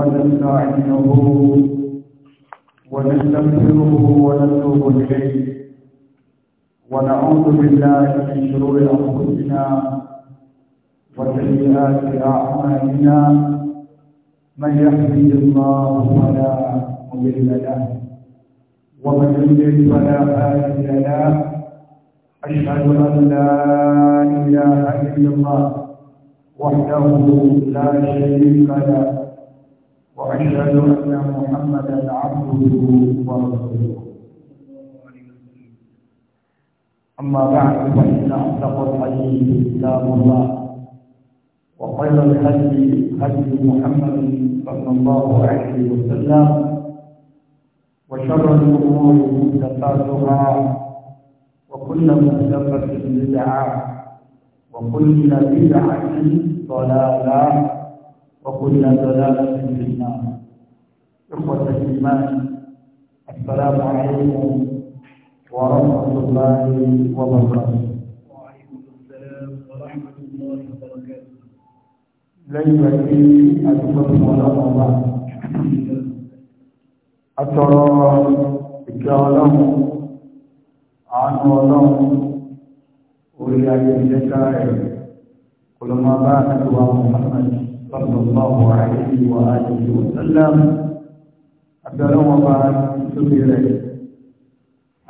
ونستعينه ونستغفره ونتوب إليه ونعوذ بالله من شرور أنفسنا وسيئات أعمالنا من يهدي الله فلا مضل له ومن يضلل فلا هادي له أشهد أن لا إله إلا الله وحده لا شريك له وأشهد أن محمدا عبده ورسوله أما بعد فإن أصدق الحديث كتاب الله وخير الهدي هدي محمد صلى الله عليه وسلم وشر الأمور محدثاتها وكل محدثة بدعة وكل بدعة ضلالة وكل ضلالة في النار إخوة الإيمان السلام عليكم ورحمة الله وبركاته وعليكم السلام ورحمة الله وبركاته ليس في أسباب ولا الله أترى إكرام عن الله ولي أجل كلما كل الله محمد صلى الله عليه وآله وسلم أبدالله وبارك سبيره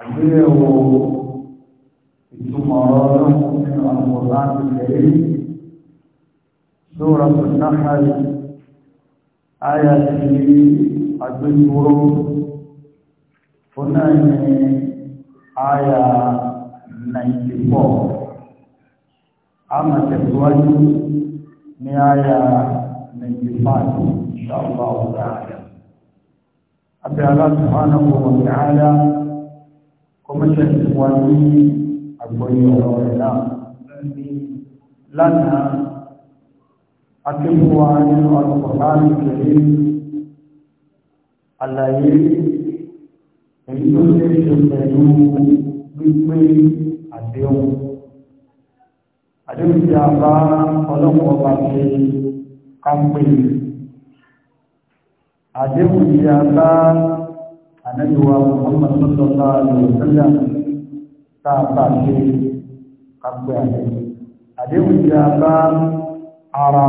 أبدالله ثم من القرآن الكريم سورة النحل آية الذكر هنا آية 94 أما تزواج ní àyà nàìjíríàtì ìṣàlùbà ọ̀gá àyà. Abẹ́ aláṣùhánà wọ̀n ní àyà kọmíṣẹ̀ ti wá ní àgbọ̀yìn ọ̀rọ̀ rẹ̀ náà. Lánàá, akẹ́kọ̀ọ́ nínú ọ̀pọ̀lọ́rì kẹrẹ àlàyé èyí tó ṣe àdéhùn tí a bá ọlọ́pọ̀ ọba ṣe kápẹ́ àdéhùn tí a bá ànájúwa Muhammad sallallahu alaihi wasallam tá a bá ṣe kápẹ́ àdéhùn àdéhùn tí a bá ara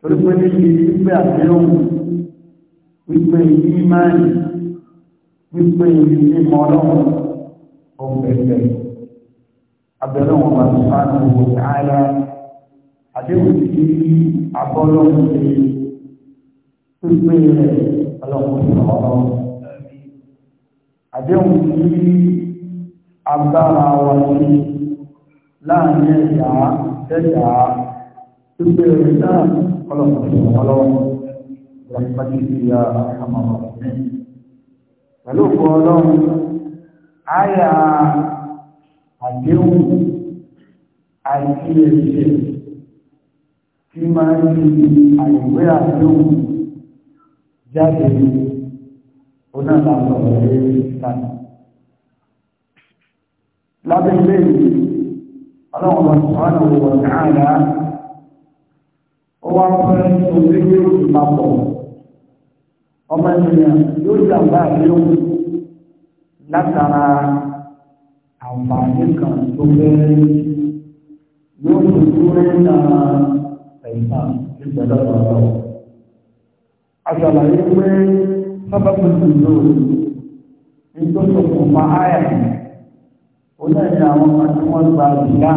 torí pé níbi pípẹ́ àdéhùn wípé ìmáàlì wípé mímọ ọlọ́run ọ̀gbẹ̀gbẹ̀ abẹ́rẹ́ wọn bá ti máa ń wò sáárá àdéhùn sí abọ́lọ́run ṣe wípé ọlọ́run sọ̀rọ̀ àdéhùn sí agbára wa ní láàrin ẹ̀yà ẹ̀yà wípé ẹ̀yà ọlọ́run sọ̀rọ̀ ọlọ́run rẹ̀ pàdé sí ya àmọ́ ọ̀rọ̀ mẹ́rin pẹ̀lú òkú ọlọ́run àyà àdéhùn àti èsì tí máa ń fi àìwé àdéhùn jáde onáàlàpọ̀ lórí ìtàn. lábẹ́ ilé ìlú ọlọ́run bá sọ̀rọ̀ àwọn ọ̀gá àdá ó wá pẹ́ orí ìpapọ̀ ọmọ ènìyàn yóò jàǹbá àdéhùn látara àǹfààní kan tó fẹ́ yóò tó dúró na ẹ̀ka ìgbẹ́lẹ̀ ọ̀rọ̀. Àṣàlàyé pé sábàbí ìlú nítorí òkùnfà áyà ó náà ní àwọn ọmọ tí wọ́n gba ìyá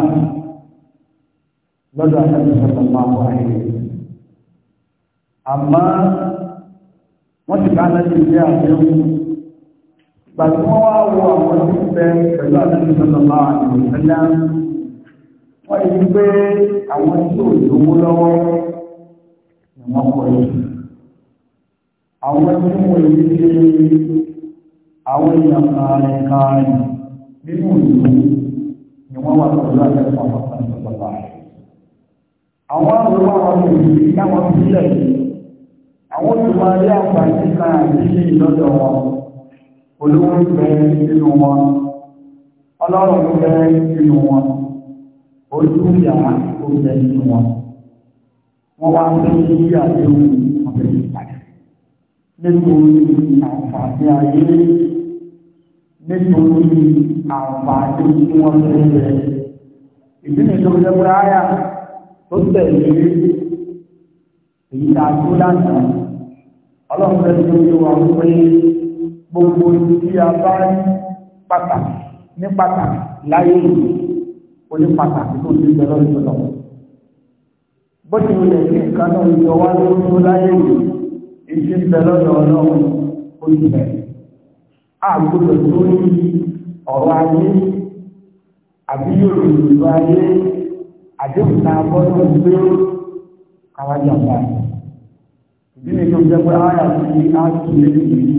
lọ́dọ̀ àtàkùn sọ̀tọ̀ máa wáyé. Àmọ́ wọ́n ti bá lẹ́yìn ilé àbẹ̀wò ìgbà tí wọ́n wá wo àwọn tí ń bẹ pẹ̀lú àdéhùn sọ́lọ́lá àdéhùn sẹ́lá wọ́n yí pé àwọn tí ò lówó lọ́wọ́ ni wọ́n kọ́ yìí àwọn tí wọ́n yí ṣe àwọn èèyàn kààrin kààrin nínú ìlú ni wọ́n wà pẹ̀lú àdéhùn sọ́lọ́lá àwọn àwọn àwọn ènìyàn táwọn sílẹ̀ yìí àwọn tó máa rí àǹfààní kan àti ìlọ́dọ̀ wọn olówó ń bẹ nínú wọn ọlọ́run ń bẹ nínú wọn ojú ìyá ó bẹ nínú wọn wọ́n wá ń bẹ ní àdéhùn ọ̀bẹ ìpàdé nítorí àǹfààní ayé nítorí àǹfààní tí wọ́n ń bẹ ìdí nìkan jẹ́ pé àyà tó tẹ̀lé èyí tá a tó lánàá ọlọ́run fẹ́ tó yé wa pé gbogbo tí a bá rí pàtàkì ní pàtàkì láyé ìlú ó ní pàtàkì tó ti bẹ̀rẹ̀ ìjọba bó ti wọlé kí nǹkan náà yọ wá lórí tó láyé ìlú èyí ń bẹ lọ́dọ̀ ọlọ́run ó ti bẹ̀rẹ̀ àgbọ̀dọ̀ tó ní ọ̀rọ̀ ayé àbí yóò lè lò ayé àdéhùn nínú ìjọ jẹ́ pé ààyà sí ààtúnlé nìyí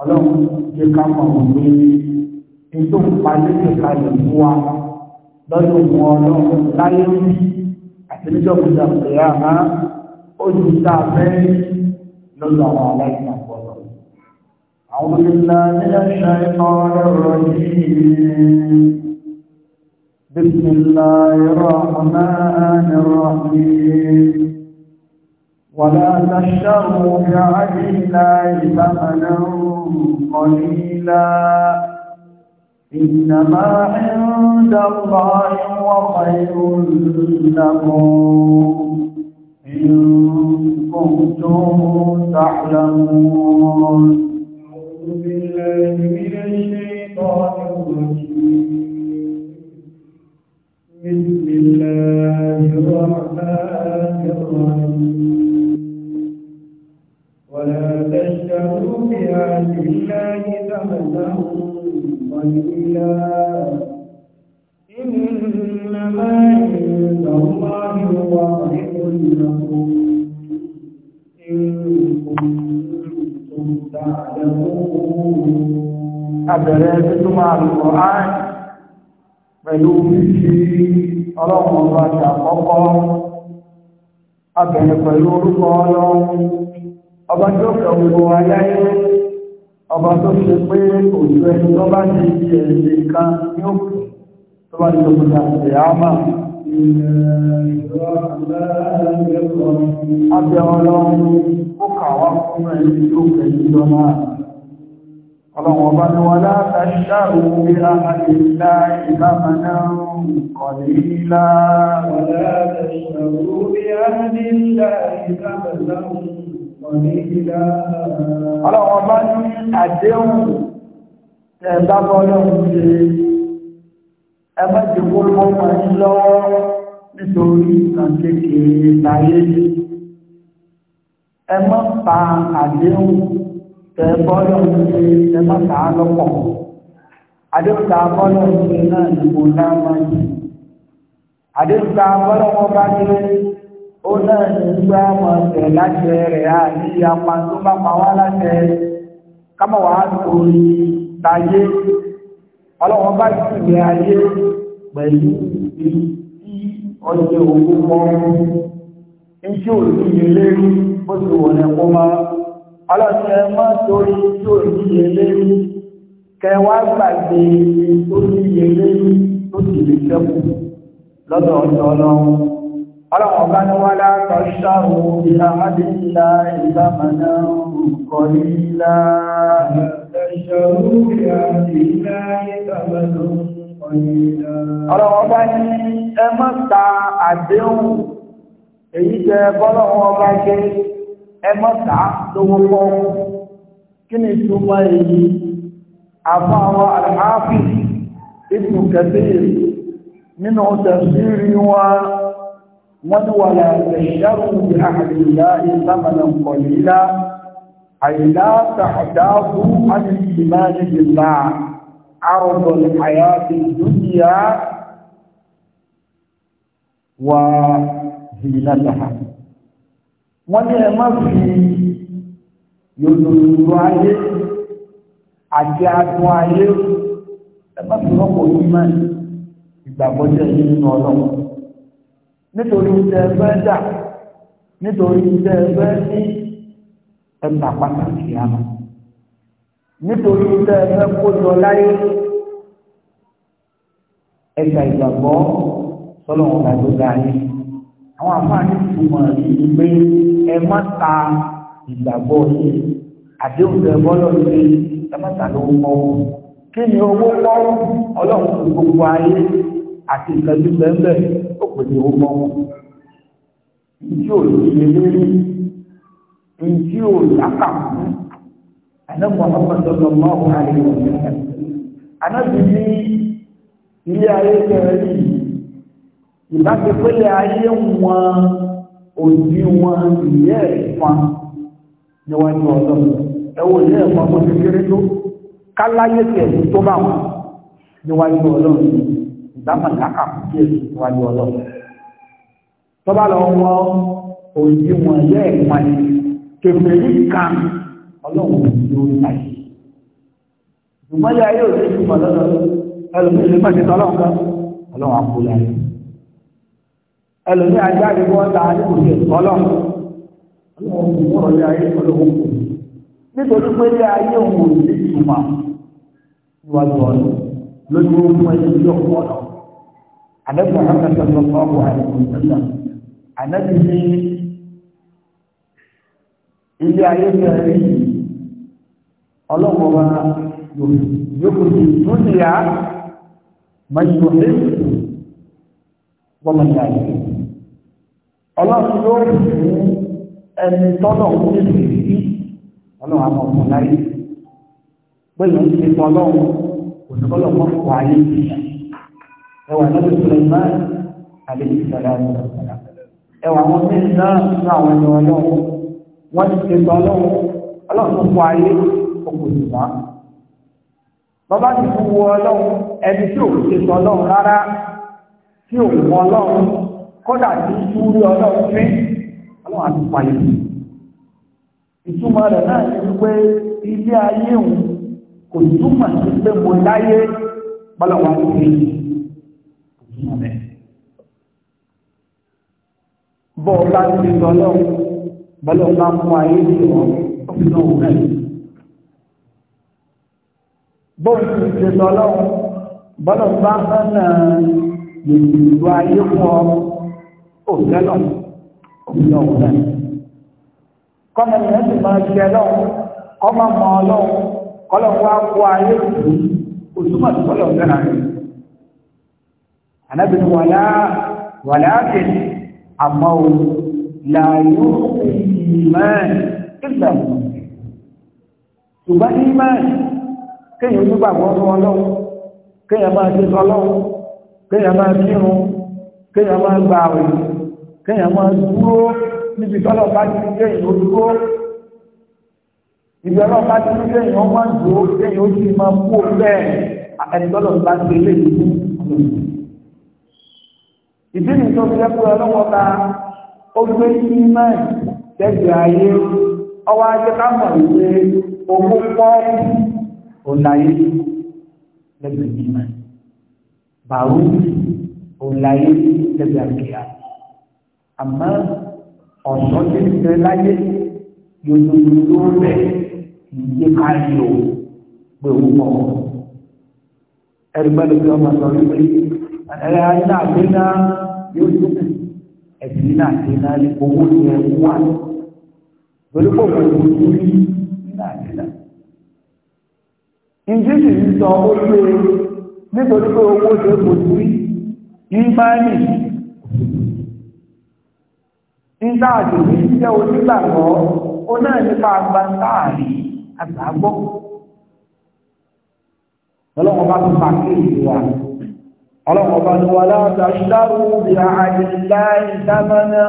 ọlọ́run jẹ́ ká mọ̀ ọ́n pé ètò ìpàdé kalẹ̀ fún wa lọ́dún mọ́ ọlọ́run láyé rí àti níjọ́ kọjá ìyá ha ó ju tá a fẹ́ lọ́dọ̀ àwọn aláìsàn àpọ̀lọ́. àwọn ìlànà nílẹ̀ ṣe ọ̀rọ̀ rọ̀ yìí. بسم الله الرحمن الرحيم ولا تشتروا بعهد الله ثمنا قليلا إنما عند الله هو خير لكم إن كنتم تعلمون أعوذ بالله من الشيطان الرجيم بسم الله الرحمن الرحيم ولا تشتروا بآيات الله ثمنا قليلا إنما عند الله واضح لكم إن كنتم تعلمون أبرز مع القرآن pẹ̀lú fífi ọlọ́run ọba ṣàkọ́kọ́ abẹ̀rẹ̀ pẹ̀lú orúkọ ọlọ́run ọba tó kàwò aláyé ọba tó ṣe pé òjò ẹni tó bá ní ibi ẹ̀lẹ́ kan ní òkú tó bá ní òkúta ẹ̀yà ámà abẹ́ ọlọ́run ó kàwá fún ẹni tó kẹ̀lú lọ́nà ọlọ́run ọba ni wọ́n láta ṣáàrù bí a lè lá ìbámu náà قليلا ولا تشتروا بعهد الله ثمنا Ọlọ́wọ́ bá ní àdéhùn ẹ̀bábọ́ lọ́wọ́ ṣe ẹgbẹ́ ti kó lọ́wọ́ ní lọ́wọ́ nítorí ìkànkékèrè láyé ẹmọ́ pa àdéhùn tẹ̀bọ́ lọ́wọ́ ṣe ẹmọ́ ta lọ́pọ̀. Àdéhùn ta bọ́ lọ́wọ́ ṣe náà ìgbò náà máa yìí. Àdéhùn ta bọ́ bá ní ó náà ní gbá máa tẹ̀ láṣẹ rẹ̀ á ní apá tó bá pa wá láṣẹ kámọ̀ wá torí tayé ọlọ́wọ́n bá sì gbé ayé pẹ̀lú ibi tí ọjọ́ òkú mọ́ ń tí ò ní ìlérí bó ti wọ̀n ẹ̀kọ́ máa ọlọ́sẹ̀ mọ́ torí tí ò ní ìlérí kẹwàá gbàgbé tó ní ìlérí tó sì lè ṣẹ́kù lọ́dọ̀ ọjọ́ ọlọ́run ọlọ́wọ̀n wá látọ̀ ṣàrò ìlà àdínlá ìdámaná kọlílá ọlọ́wọ̀n bá ní ẹmọ́ta àdéhùn èyí jẹ bọ́lọ́wọ́n bá ṣe ẹmọ́ta lówó lọ́wọ́ kí ni túnmọ̀ èyí àfáwọ̀ àlàáfíì ìtùkẹ̀sí nínú tẹ̀sírí wọn wọ́n wàlá ẹ̀ṣẹ́rù àìlá ìsámanan kọ̀lílá àìlá tàdáhù alìsìmáni ìlà àrùn àyàfi dúnìyà wà zìnàtàhà wọ́n ní ẹ má fi yòdòdò ayé àti adùn ayé ẹ má fi rọ́pò ìmọ̀ ìgbàgbọ́jẹ́ nínú ọlọ́run nítorí tẹ fẹ́ dà nítorí tẹ fẹ́ ní ẹgbà pàtàkì àmà nítorí tẹ fẹ́ kó jọ láyé ẹgbà ìgbàgbọ́ sọlọ́wọ́n bá tó ga yín àwọn àfáàní ìtumọ̀ yìí pé ẹ má ta ìgbàgbọ́ yìí àdéhùn tẹ bọ́lọ̀ yìí ẹ má ta ló ń kí ni owó pọ̀ ọlọ́run gbogbo ayé àti ìtẹ́jú bẹ́ẹ̀ bẹ́ẹ̀ kò ní ó mọ́ ìjí ò ní ilé lérí ìjí ò yàtà fún ànábọ̀ ọmọdọ́dọ́ mọ́ ọ̀hún àyè ọ̀sẹ̀ ànábì ní ilé ayé kẹrẹ́lì ìbáṣepẹ́lẹ̀ ayé wọn òdì wọn ìyẹ́ ẹ̀fọn níwájú ọ̀dọ́ ẹ̀wọ̀n ilé ẹ̀fọn tó ti kéré tó káláyé tẹ̀ tó bá wọn níwájú ọlọ́run lápá kàkà kí èsì wájú ọlọ́run tọ́ba lọ wọ òyìnbí wọn yẹ ẹ̀pọ̀n ni kẹfẹ́rí kan ọlọ́run ló ń ta yìí ṣùgbọ́n yà yóò ṣe ìtumọ̀ lọ́dọ̀ ẹlòmíì lè má ṣe tọ́lọ́ nǹkan ọlọ́run àpò láyé ẹlòmíì ajáde wọn ta ní kò ṣe tọ́lọ́ ọlọ́run kò mọ̀rọ̀ ní ayé ọlọ́run kò nítorí pé ní ayé òun ò ní ìtumọ̀ níwájú ọ̀nà lójú ogun ẹni tí ó anabi muhammad sallallahu alayhi wa sallam anabi ní ilé ayé fẹ́ẹ́ rí ọlọ́wọ́ wa yóò fi dúnìyà mọ̀nyìnbó lẹ́yìn wọ́n mọ̀ ní ayé ọlọ́run yóò fún ẹni tọ́lọ̀ ń ṣe sí ọlọ́run àwọn ọmọ láyé pé ló ń ṣe kò ní kọ́lọ́ mọ́ fún ayé ìyá ẹwà lọ́dún Suleiman àlejò sọ̀rọ̀ ẹwà wọn ní náà nínú àwọn ẹni ọlọ́run wọ́n ti ṣe gbọ́ ọlọ́run ọlọ́run tó kọ ayé òkú ìwà bàbá ti fún wọ ọlọ́run ẹni tí òun ṣe sọ ọlọ́run rárá tí òun wọ ọlọ́run kódà tí túrí ọlọ́run fín ọlọ́run àti pàyè ìtumọ̀ rẹ̀ náà ti wípé ilé ayé òun kò túmọ̀ sí pé mo láyé bọ́lọ̀ wá sí i mọ̀mẹ́. bọ́ ọ bá ti lọ́lọ́ bọ́lọ́ bá mú ayé sí wọn ó fi náà wúrẹ́ yìí. bọ́ ọ ti ti lọ́lọ́ bọ́lọ́ bá hánà ìlú ayé fún ọ ó tẹ́lọ̀ ó fi náà ìyẹn ti máa jẹ lọ́wọ́ kọ́mọ mọ́ lọ́wọ́ kọ́lọ́ wá ayé òṣùmọ̀ tó kọ́lọ́ rẹ̀ ànábì ní wàlá wàlá àti àmọ́ o làyò ìmán ìlà ṣùgbọ́n ìmán kéèyàn onígbàgbọ́ ọdún ọlọ́run kéèyàn máa ṣe ọlọ́run kéèyàn máa kírun kéèyàn máa gba àwẹ̀ kéèyàn máa dúró níbi tọ́lọ̀ bá ti kéèyàn ó dúró ìbí ọlọ́pàá ti ní kéèyàn ó máa dúró kéèyàn ó sì máa kú bẹ́ẹ̀ ẹni tọ́lọ̀ bá ti lé ìlú ìdí nìyí tó fi lẹ́kọ̀ọ́ ọlọ́wọ́ ta ó gbé ní mẹ́rin lẹ́gbẹ̀ẹ́ ayé ọwọ́ ajé ká mọ̀ wípé owó pọ́ òǹlàyé lẹ́gbẹ̀ẹ́ ní mẹ́rin bàrú òǹlàyé lẹ́gbẹ̀ẹ́ àgbéyà àmọ́ ọ̀sán tí ń bẹ láyé yòlòlò ló ń bẹ kárí o pé òun mọ̀ ẹ̀rí gbọ́dọ̀ bí ọmọ sọ wípé ẹ̀rẹ́ ayé náà gbé náà yóò tó kù ẹ̀sìn náà ṣe náà lè owó yẹn wá pẹ̀lú pọ̀ pẹ̀lú ojú rí nígbà nígbà. Ǹjẹ́ sì ń sọ ó lé nítorí pé owó ṣe kò sí ìmáàlì nígbà àdìrí jẹ́ onígbàgbọ́ ó náà nípa agbáńtáàrí àgbàgbọ́. Ọlọ́run bá tún pa kéèkì wa ọlọ́wọ́ bá ní wà láta ṣáró bí i àìlá ìdámẹ́nà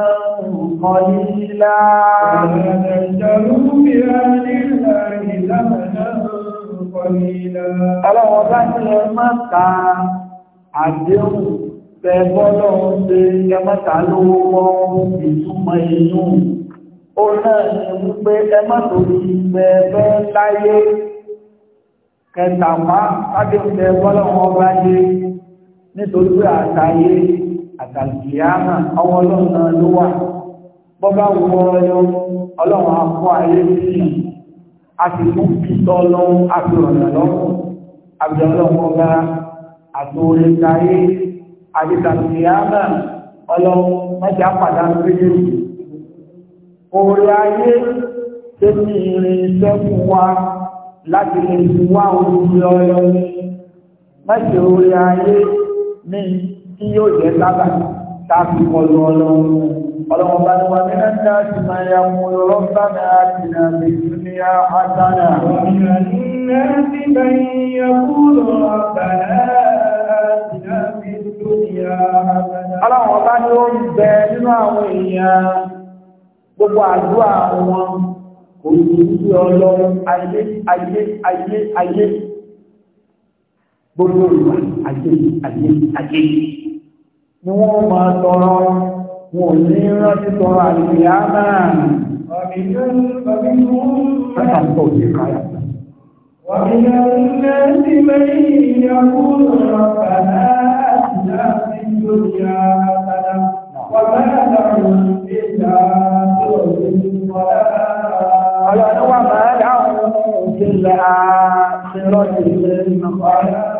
nǹkan nílá ọlọ́wọ́ bá ní ẹ mọ́ta àdéhùn pẹ̀bọ́lọ́ ṣe ẹ mọ́ta lówó mọ́ ìtumọ̀ inú ó náà ni wípé ẹ mọ́tò ti pẹ̀bẹ́ láyé kẹtàmá sábẹ́ pẹ̀bọ́lọ́ wọn nítorí pé àtàyé àtàkìyàmà ọwọ́ ọlọ́run náà ló wà bọ́bá wọ ọyọ ọlọ́run akọ ayé sí a sì tún fi tọ́ lọ́wọ́ àfihàn lọ́wọ́ àbí ọlọ́run ọba àtòrè káyé àtìtàkìyàmà ọlọ́run mẹ́ta pàdánù méjèèjì orí ayé tó ní ìrìn sẹ́kù wa láti lè fi wá orí ọyọ mẹ́ta orí ayé ní tí yóò jẹ́ sábà táàbí kọlu ọlọ́run ọlọ́run bá ní wa ní ẹ̀dá ti máa ya mú lọ́rọ́ bá ní àti ní àti ní àtàrà ọlọ́run bá ní ó ń bẹ nínú àwọn èèyàn gbogbo àdúrà wọn kò ní sí ọlọ́run ayé ayé ayé ayé gbogbo ìwà àjẹ àjẹ àjẹ ni wọ́n máa tọrọ wọn ò ní rántí tọrọ àlùyá náà. Sábà tó yẹ káyà. ومن الناس من يقول ربنا آتنا في الدنيا حسنة وما لهم في الآخرة ولا قال وما لهم في الآخرة من خلاق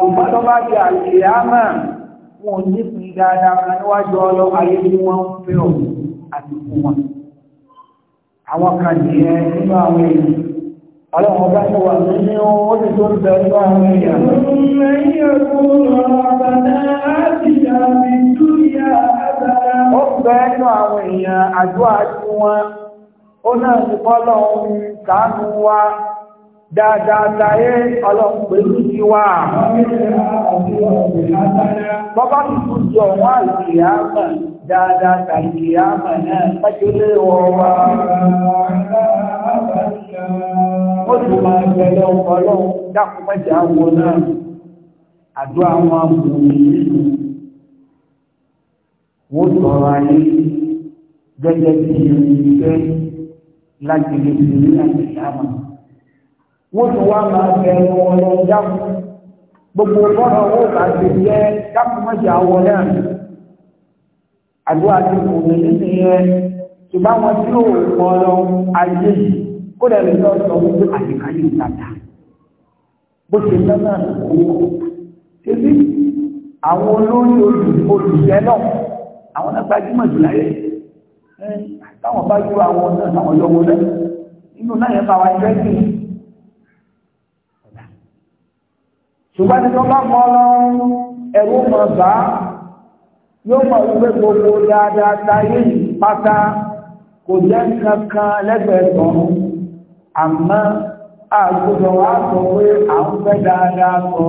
ṣùgbọ́n bá di àṣìyámà wọn ní pin dáadáa kan níwájú ọlọ́ ayé tí wọ́n ń fẹ́ ọ̀ àti kú wọn. àwọn kan nínú àwọn èèyàn ọlọ́run ọba ní wà nínú ó tó ń bẹ nínú àwọn èèyàn. ó bẹ nínú àwọn èèyàn àdúrà dáadáa láyé ọlọ́pẹ̀lú ti wà. Bọ́bá tuntun jọ wọ́n àìkìyàmà dáadáa tàìkìyàmà náà pẹ́jọlé ọwà. Ó sì máa bẹ̀rẹ̀ ọ̀pọ̀lọ́ dákùn mẹ́jẹ àwọn náà. Àdó àwọn amòrì gẹ́gẹ́ bí irin wọ́n tún wá máa bẹ̀rù ọ̀rọ̀ dákú gbogbo bọ́ọ̀rọ̀ owó kàṣẹ jẹ́ dákú mọ́jà wọlé àná àdúrà ti kò ní níbi yẹn ṣùgbọ́n wọn tí ó mọ lọ ayé yìí kó dẹ̀ lè lọ sọ wípé àyíkáyé ìtajà bó ṣe fẹ́ náà owó ṣébí àwọn olórí olùṣẹ́ náà àwọn náà gbajúmọ̀ jù láyé táwọn bá ju àwọn náà táwọn yọ wọlé nínú náà yẹn bá wa jẹ́ bíi. ṣùgbọ́n tí wọ́n bá mọ ọlọ́run ẹ̀rú mọ̀ bá yóò mọ̀ wípé gbogbo dáadáa táyé pátá kò jẹ́ kankan lẹ́gbẹ̀ẹ́ tán àmọ́ àgbọ̀dọ̀ wa sọ pé à ń fẹ́ dáadáa sọ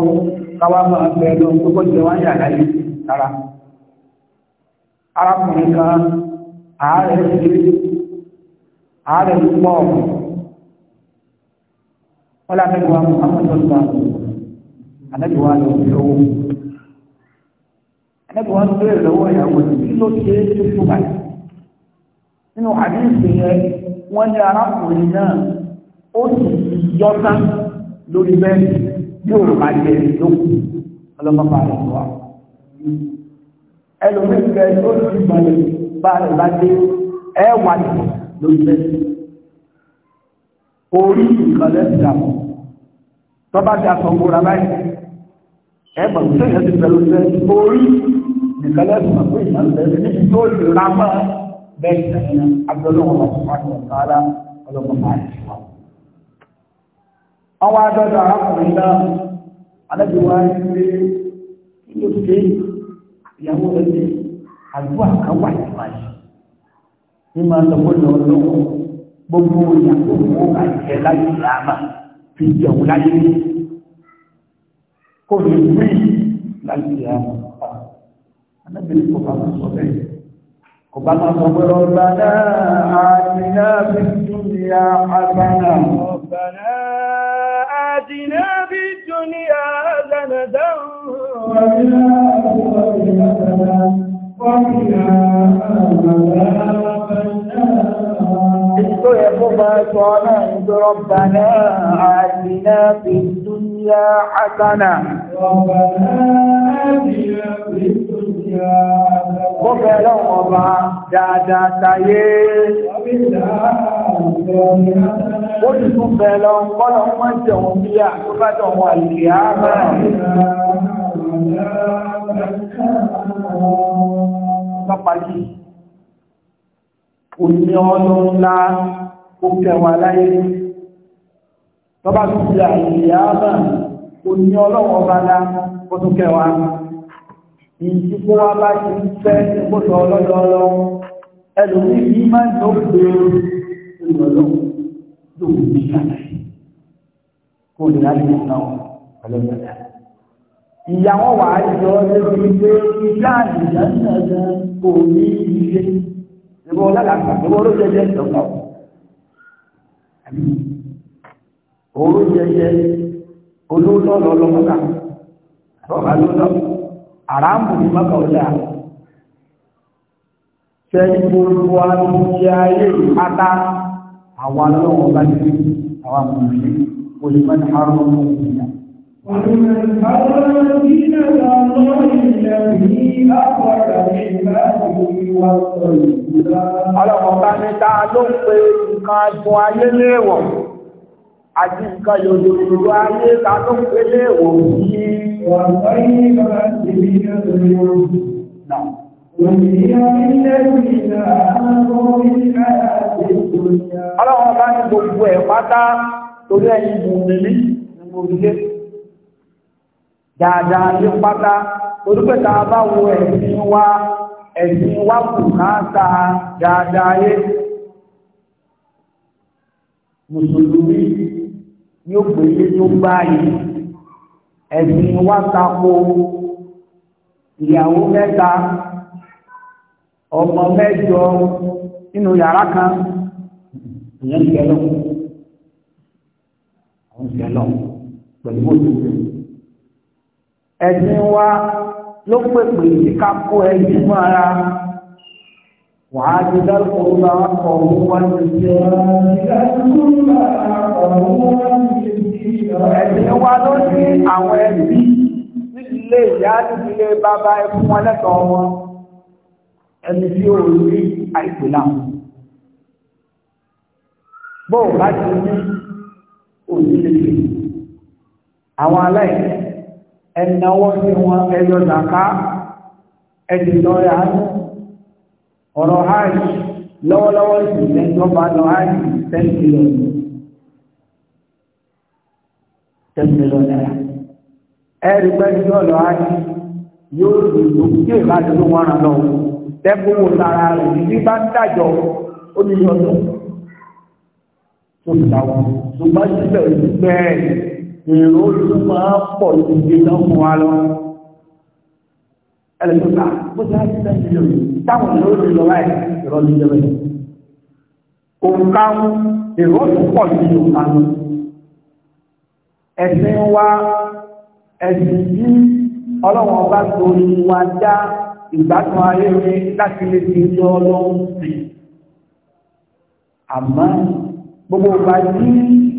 káwá máa fẹ́ lọ pé kó jẹ wáyà láyé rárá arákùnrin kan ààrẹ ṣe ààrẹ pọ̀ wọ́n lábẹ́ wa mọ̀ àwọn ọ̀dọ́ ànábì wa lọ sí owó ànábì wa bẹ̀rẹ̀ lọ́wọ́ ìyàwó tí ló ṣe é tó tó báyìí nínú àdéhùn yẹn wọ́n ní arákùnrin náà ó sì yọ́tá lórí bẹ́ẹ̀ yóò bá jẹ lókù ọlọ́mọba rẹ̀ wá ẹlòmíín kẹ ó sì balẹ̀ bá rẹ̀ bá dé ẹ wà ní lórí bẹ́ẹ̀ orí nǹkan lẹ́sìn tọ́ba ti àtọ̀gbọ́ra báyìí ẹ̀mọ̀ tó yẹ ti pẹ̀lú pé orí nìkan lẹ́sùn mọ̀ pé ìyá ń bẹ̀rẹ̀ níbi tó lè ra mọ́ bẹ́ẹ̀ tẹ̀lé abẹ́lẹ́wọ̀n ọ̀pọ̀ àtàlá ọlọ́pàá máa ti wà. ọwọ́ adọ́dọ̀ arákùnrin náà alábìwá ń gbé ló ṣe ìyàwó rẹ̀ ṣe àdúrà kan wà níwájú. ní máa sọ kó lè rí láti àmà anábìrin kò bá máa sọ bẹ́ẹ̀ kò bá máa sọ pé ọba náà bí dúnìá àgbàna ọba náà bí dúnìá àgbàna dáhùn ọba náà àtìná bí dúnìá àgbàna Ètò ẹ̀kọ́ bá sọ náà ń dọ́rọ̀ bá náà àti náà fi dúnyá àtànà. Kọ́fẹ́ lọ́wọ́ bá dáadáa tayé. Ó ti tún bẹ̀ lọ kọ́lọ̀ mọ́ jẹun bí i àkókàtọ̀ wọn àìkè ààbà. Lọ́pàá yìí òní ọdún ńlá ó kẹwàá láyé tọ́bá tó ti àìyà bá òní ọlọ́wọ́ bá dá ó tún kẹwàá ìjíkó wá bá ti ń fẹ́ ìgbóṣọ ọlọ́dọọlọ ẹlòmí yìí máa ń tó gbé ìrọ̀lọ́ lóòrùn ní ṣàlàyé kó lè láti náà ọlọ́dọọlọ ìyàwó wàá jọ lórí pé ìyá àdìyàn náà kò ní ilé ìwọ lálàkà ìwọ olójẹjẹ ìjọba olójẹjẹ olólọ́lọ́ lọ́mọ́ta àbọ̀bà lọ́lọ́ àràmù ní mọ́kà ọ̀dà sẹ́yìn gbogbo alùpùpù ayé pátá àwọn alọ́wọ́ bá ti àwọn àmùsí olùmọ̀ní àrùn ọmọ ìgbìyànjú ومن الذين Ọlọ́pọ̀ta ni ta ló ń pe nǹkan agun ayé léèwọ̀ àti nǹkan yòdòdòdò ayé ta ló ń pe léèwọ̀ sí ọ̀pọ̀ yìí bá ti rí ẹ̀sẹ̀ yóò. Ọlọ́pọ̀ta ni gbogbo ẹ̀ pátá torí ẹ̀yìn mùnlẹ̀ ní orílẹ̀-èdè. dáadáa ní pátá olùpẹ̀tà bá wo ẹ̀sìn wa ẹ̀sìn wa kù náà dáadáa yé mùsùlùmí ní ó tó báyìí ẹ̀sìn wa tako ìyàwó mẹ́ta ọmọ mẹ́jọ nínú yàrá kan ìyẹn pẹ̀lú ẹ̀sìn wa ló pèpè sí ká kó ẹ̀sìn mọ́ ara wàá ti dárúkọ ọ̀la ọ̀hún wá ní ìṣe ẹ̀sìn wa ló ní àwọn ẹbí nílé ìyá nílé bàbá ẹkún wọn lẹ́tọ̀ọ́ wọn ẹni tí ó rí àìpè náà bóun bá ti ní òṣèlú àwọn aláìsí ẹ̀nàwọ́ sí wọn ẹyọ zàká ẹ̀dìdọ́rẹ̀ àánú ọ̀rọ̀ hajj lọ́wọ́lọ́wọ́ sí lẹ́jọba lọ hajj tẹ́sílọ̀ tẹ́sílọ̀ náírà ẹ̀rí pẹ́sí ọ̀lọ́ hajj yóò lù lù kí ìbájú ló wọ́n ràn lọ́wọ́ tẹ́kùn wò sára rẹ̀ ní bá ń dàjọ́ ó ní ọdún tó ń dáwọ́ ṣùgbọ́n síbẹ̀ òṣìṣẹ́ èrò tó máa pọ̀ ní ìgbésẹ̀ ọmọ wa lọ ẹlẹ́gbẹ̀ta ah, bó ti á ti tẹ́sí lórí táwọn èrò ti lọ láì ìrọ̀ ní ìjọba yìí òǹkà ń èrò tó pọ̀ ní òǹkà ń ẹ̀sìn wa ẹ̀sìn tí ọlọ́wọ́n bá torí wa dá ìgbádùn ayé mi láti lè fi ṣe ọlọ́run sí àmọ́ gbogbo ìgbà tí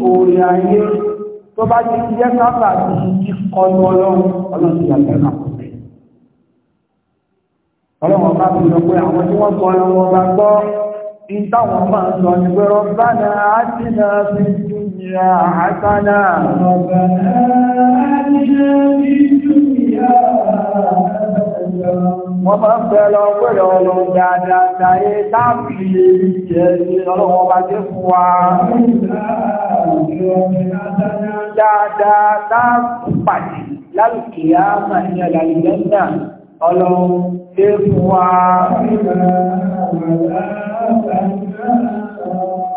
oore ayé tó bá ti jẹ́ sábà ti ti kọlu ọlọ́run ọlọ́run ti yàtọ̀ náà kò sí. ọlọ́run bá fi sọ pé àwọn tí wọ́n kọ́ ọlọ́run ọba gbọ́ in táwọn máa ń sọ ní pé rọ́bánà ájínà fi dúnyà àtànà rọ́bánà ájínà fi dúnyà wọ́n máa ń bẹ lọ pẹ̀lú ọlọ́run dáadáa táyé láàfin lè jẹ́ ọlọ́run ọba jẹ́ fún wa dáadáa lápàdé lálùkì àmà ní àlàlìyànjá ọlọ́run tí fún wa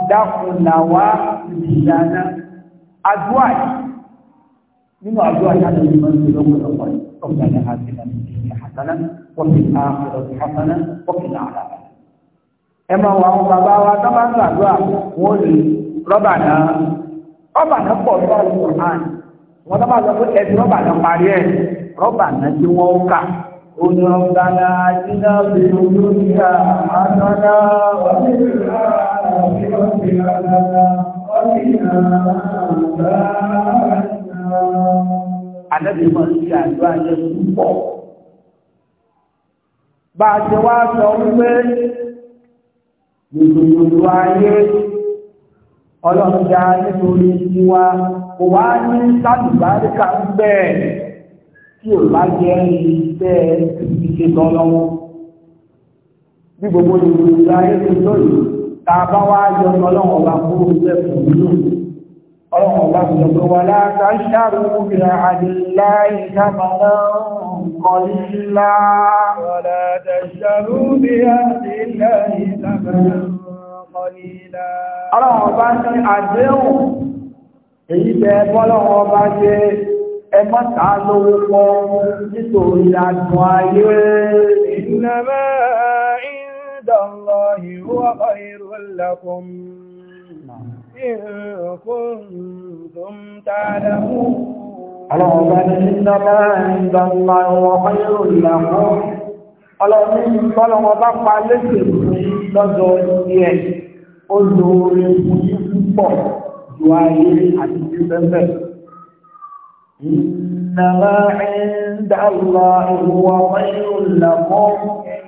dákùnláwá ìyànà àdúwà nínú àdúwà yàtọ̀ ìmọ̀ ìlọ́pọ̀lọpọ̀ ọ̀gbẹ̀ni àti àtàlá wọ́n fi àpẹẹrẹ ìhàtàlá wọ́n fi nàárà ẹ máa wà àwọn bàbá wa tó bá ń gbàdúrà wọ́n lè rọ́bà náà rọ́bà náà pọ̀ lọ́wọ́ àlùkò náà wọ́n tó bá sọ pé ẹ̀sìn rọ́bà náà parí ẹ̀ rọ́bà náà tí wọ́n kà ó ní ọ̀gá náà tí náà fi ojú ní àmàlà wọ́n ti rí àwọn ọ̀gá ti rà náà wọ́n ti rà náà. Àdẹ́bí máa ń ṣe àjọ àjẹ púpọ̀. Bá a ṣe wá sọ wípé, yòtòyòtò ayé ọlọ́ọ̀dá nítorí tiwa kò wá ní sálùbáríkà ń bẹ́ẹ̀ tí ò bá jẹ́ iṣẹ́ ìṣe lọ́lọ́wọ́ bí gbogbo ìròyìn ayé ti lóyè tá a bá wá yọ ọlọ́wọ́ bá kúrò lẹ́kùn nínú ọlọ́wọ́ bá fi ọ̀dọ́ wa láta ṣàrò ìrà àdìlá ìdámọ́lá kọlílá. Wọ́n láta ṣàrò ìrà àdìlá ìdámọ́lá. قليلا ọlọ́run ọba ní àdéhùn èyí bẹ bọ́lọ́run ọba ṣe ẹmọ́ta lówó pọ̀ nítorí àdùn ayé ìnáwó ìdánlọ́ ìwọ́ ìrọ̀lẹ́kùn ìrùkùn tó Ọlọ́run ọba ní ìdámá ìdámá ìwọ̀n ọ̀yẹ́rò ìlànà ọlọ́run ọba pa lẹ́sẹ̀ lọ́dọ̀ ìdí ẹ̀ ó lo orin fún yí púpọ̀ ju ayé àti ju bẹ́ẹ̀ Ìnàmá ìdàlá ìwà khairun lakum.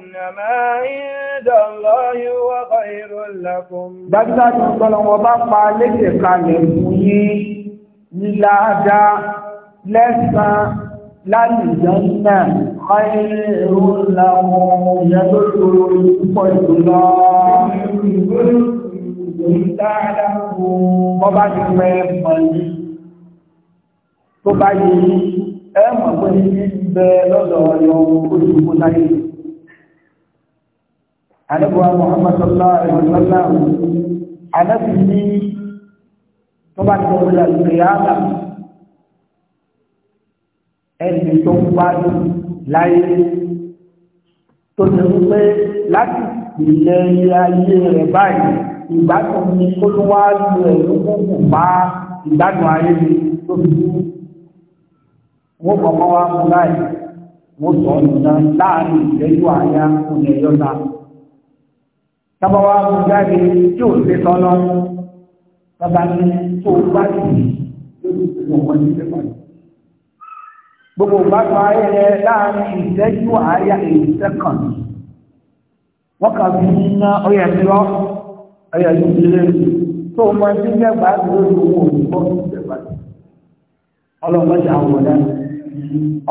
Ìnàmá ìdàlá ìwà khairun lakum. Dájúdájú ìtọ́lọ́wọ́ bá pa lékè kalẹ̀ fún yí níláàdá lẹ́sàn lálìjọ́ náà khairun lakum. Ìyẹ́ Bọ́bá ti pẹ́ mọ̀ ní tó bá yẹ ní ẹmọ̀ pé ní bẹ lọ́dọ̀ ọ̀yọ̀ olùgbò láyé. Àdẹ́bùwà Muhammad sallallahu alaihi wasallam, àdẹ́bù ní tó bá ti pẹ́ lọ́dọ̀ ẹni tó ń gbádùn láyé tó ti ń pé láti ìlẹ̀ ayé rẹ̀ báyìí ìgbádùn ni kó ló wá lu ẹ̀rú kúkú bá ìgbádùn ayé mi tó fi kú. Wọ́n kọ̀ọ̀kan wá mú láì wọ́n sọ ọ̀nà láàrin ìṣẹ́jú àyà òní ẹ̀yọ́ta. Tábà wá mú jáde tí ò ṣe tọ́nà. Bàbá mi tó bá ti lórí ìṣẹ́jú ọmọ ní ìṣẹ́jú Gbogbo ìgbádùn ayé rẹ̀ láàrin ìṣẹ́jú àyà èyí sẹ́kàn. Wọ́n kà fi ní ná ọyẹ̀ sí lọ ayé ayé ìdílé tó mọ sí mẹ́fà lórí owó òyìnbó mẹ́fà ọlọ́mọdé àwọn ọ̀dá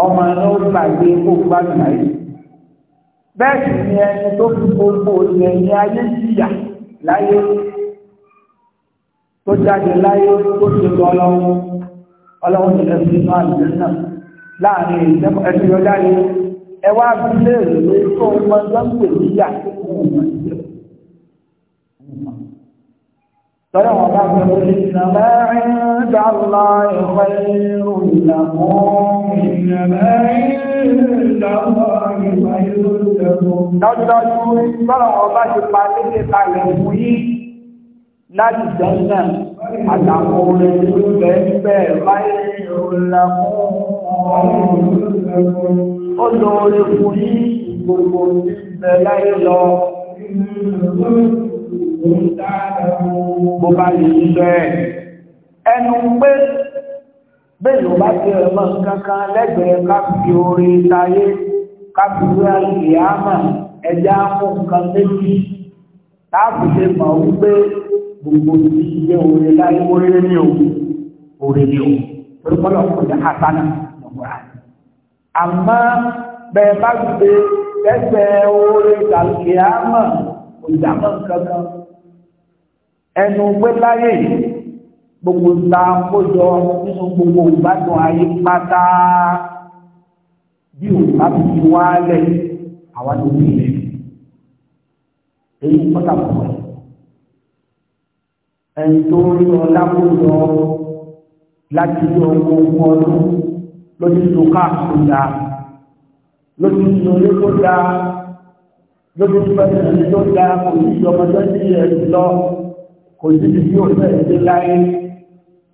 ọmọ ẹ̀rọ gbàgbé kó gbàgbé ayé bẹ́ẹ̀ sì ni ẹni tó fi gbogbo ẹ̀yìn ayé jìyà láyé tó jáde láyé tó ti lọ ọlọ́wọ́ ọlọ́wọ́ ti lọ sí inú àgbẹ̀ náà láàrin ẹ̀sìn ọ̀dá ni ẹ wá bí léèrè tó mọ lọ́pẹ̀ jìyà tó kù mọ̀ sí فلو قبل إنما عند الله خير لكم إنما عند الله خير لكم dájúdájú bọ́lọ̀wọ́ bá ti pa léde kalẹ̀ fún yí láti jẹ́nà àtàkùn orin tó bẹ̀ bẹ̀ báyé ìrọ̀lẹ́kùn ó lóore fún yí gbogbo ìbẹ̀ láyé lọ bó bá lè ṣiṣẹ́ ẹ̀ ẹnu pé bẹ́ẹ̀ ló bá ti ẹ̀mọ́ kankan lẹ́gbẹ̀ẹ́ káfí orí táyé káfí orí ìyáàmà ẹja mú nǹkan méjì láàbù lè mọ̀ wípé gbogbo ti jẹ́ orí láyé orí ní o orí ní o torí pọ́lọ̀ kọjá àtànà lọ́wọ́ra àmọ́ bẹ́ẹ̀ bá gbé lẹ́gbẹ̀ẹ́ orí ìtàlùkìyáàmà kò jà mọ́ nǹkan ẹnu gbé láyé yìí gbogbo ta kójọ nínú gbogbo ìgbádùn ayé pátá bí o bá fi wálẹ̀ àwa ló fi lè èyí pátá fún ẹ ẹni tó rí ọ lákòjọ láti lọ gbogbo ọdún lójú tó káàkiri dáa lójú tó lé tó dáa lójú tó bẹ́ẹ̀ tó dáa kò sí ọmọdé ní ẹ̀rí lọ kò sí ti tí ó fẹ́ ṣe láyé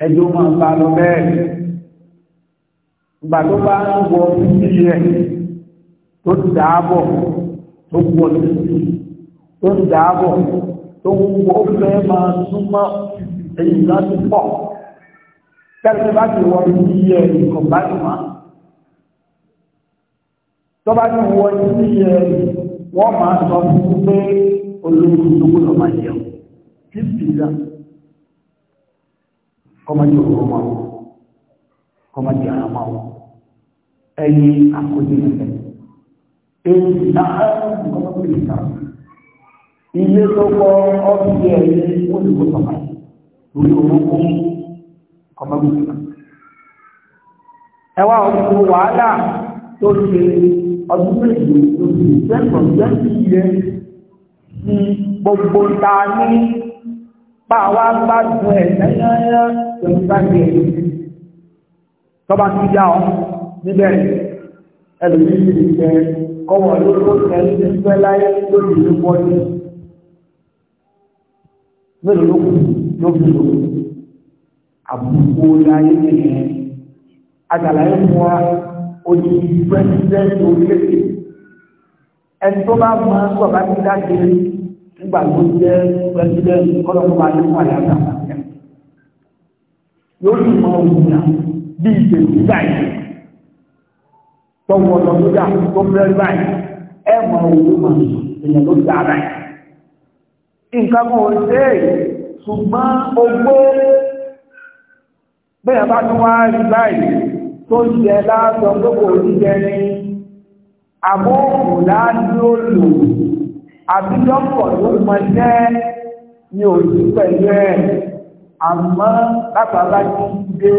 ẹjọ́ máa bá lọ bẹ́ẹ̀ ìgbà tó bá ń wọ títí rẹ̀ tó ń dàábọ̀ tó wọ títí tó ń dàábọ̀ tó ń wọ fẹ́ máa súnmọ́ èyí náà ti pọ̀ tẹ́lẹ̀ bá ti wọ títí rẹ̀ nǹkan bá ti máa tó bá ti wọ títí rẹ̀ wọ́n máa sọ fún pé olóògùn tó gbọ́dọ̀ máa jẹun kíkìlá kọ́mọdé òwúrọ̀ como wọ kọ́mọdé ara máa wọ ẹyin àkójọ ìfẹ́ èyí náà kọ́mọdé ìta ilé tó kọ́ ọ́fíìsì ẹ̀yìn olùkọ́ sọ̀rọ̀ lórí como kọ́mọdé ìta ẹwà ọdún wàhálà tó ṣe ọdún méjì tó ṣe ten from twenty years sí gbogbo ta ní pa wá gbádùn ẹ̀ yányányá pẹ̀lú sáàkì ẹ̀ tọ́ba ti yá ọ níbẹ̀ ẹlòmíì ti jẹ kọ́wọ́ ló tó ẹni tí fẹ́ láyé lórí ìlú pọ́jú mélòó ló kù ló fi àbùkù láyé nìyẹn àgàlàyé fún wa òní pẹ́ńtẹ́ńtì orílẹ̀-èdè ẹni tó bá mọ sọ̀rọ̀ bá ti dá kiri nígbà tó jẹ́ pẹ́sidẹ́ntì kọ́lọ́kọ́ máa ní fún àyàtà yóò sì mọ òmìnira bí ìṣèlú báyìí tọwọ́ lọ sójà tó fẹ́ báyìí ẹ mọ òun mọ èèyàn ló dà báyìí. nǹkan kan ò ṣe é ṣùgbọ́n ogbó bẹ́ẹ̀ bá tún wá rí báyìí tó jẹ láàtọ̀ tó kò ní jẹ ní àbókù láàdúró lòdì àbí lọ́pọ̀ ló mọ jẹ́ ní òjú pẹ̀lú ẹ̀ àmọ́ látara ti dé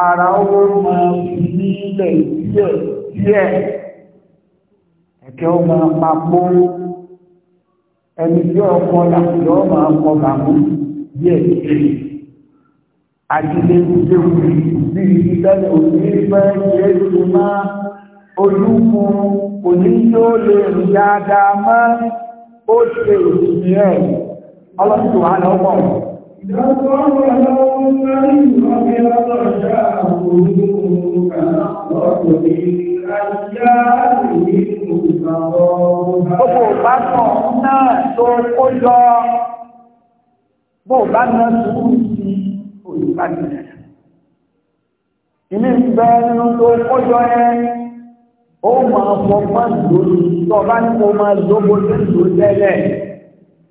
ara owó mọ nílẹ̀ díẹ̀ díẹ̀ ẹ̀kẹ́ ó máa papò ẹni tí ọkọ làkùn yóò máa kọ bàbú díẹ̀ díẹ̀ àdìlé ìdéwù bí ìdílé òní fẹ́ ṣe é ṣe máa olúkun òní yóò lè rìn dáadáa mọ́ ó ṣe òṣìṣẹ́ ẹ̀ ọlọ́pùtù wà náà pọ̀. Gbogbo bá kàn náà tó kó yọ bó bá náà sùúrù sí olùbádìí. Ilé ìgbẹ́ nínú tó kó yọ ẹ́ ó máa fọgbọ́n lórí tó bá ní kó máa lóbo tó lò tẹ́lẹ̀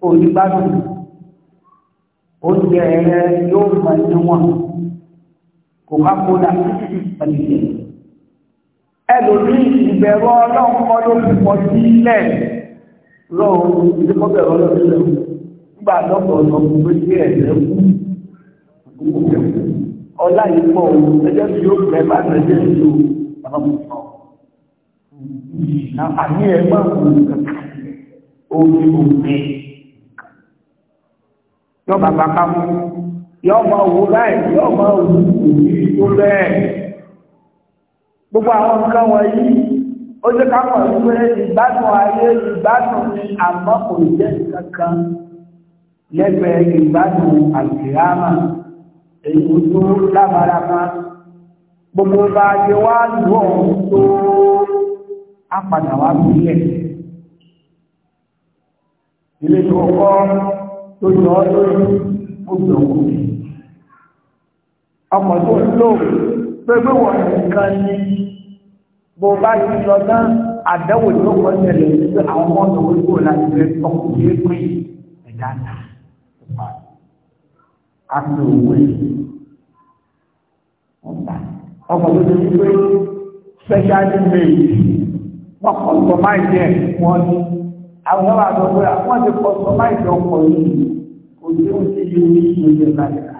kò ní gbádùn oúnjẹ rẹ yóò máa níwọ̀n kò ká kó dà pẹ̀lú ẹlòmíì ìbẹ̀rù ọlọ́run kọ́ ló fi pọ̀ sí ilẹ̀ lọ́wọ́ ìdíkọ́bẹ̀rù ọlọ́run lẹ́wọ̀ nígbà lọ́pọ̀ ọ̀nà gbogbo sí ẹ̀rẹ́ kú ọlá yìí pọ̀ ẹjẹ́ tí yóò pẹ́ bá tẹ̀lé ìlú ọlọ́run náà àní ẹgbẹ́ òun kankan òun òun yọ bàbá ká mú yọ ọmọ òwú láì yọ ọmọ òwú òwú tó lẹ gbogbo àwọn nǹkan wọ̀nyí ó jẹ́ ká mọ̀ wípé ìgbádùn ayé ìgbádùn ni àmọ́ kò jẹ́ kankan lẹ́gbẹ̀ẹ́ ìgbádùn àgbérámà èyí tó lábára kan gbogbo bá a ṣe wá lù ọ̀hún tó á padà wá sílẹ̀ ilé tó kọ́ tó yọ ọ́ lórí gbogbo òkú ọmọ tó ń lò pé pé wọ́n nìkan ni bó bá ti lọ tán àdánwò tó kọ́ ṣẹlẹ̀ sí àwọn ọmọ tó ń kó láti rẹ̀ tọkùnrin pé ẹ̀dá náà tó pa á fi òwe ọmọ tó ti pé special made wọ́n kọ̀sọ̀máìsì ẹ̀ wọ́n ní àwọn ọ̀rọ̀ àdọ́gbé àwọn ti kọ̀sọ̀máìsì ọkọ̀ yìí kò sí ó ti yí ní ìgbésẹ̀ láìka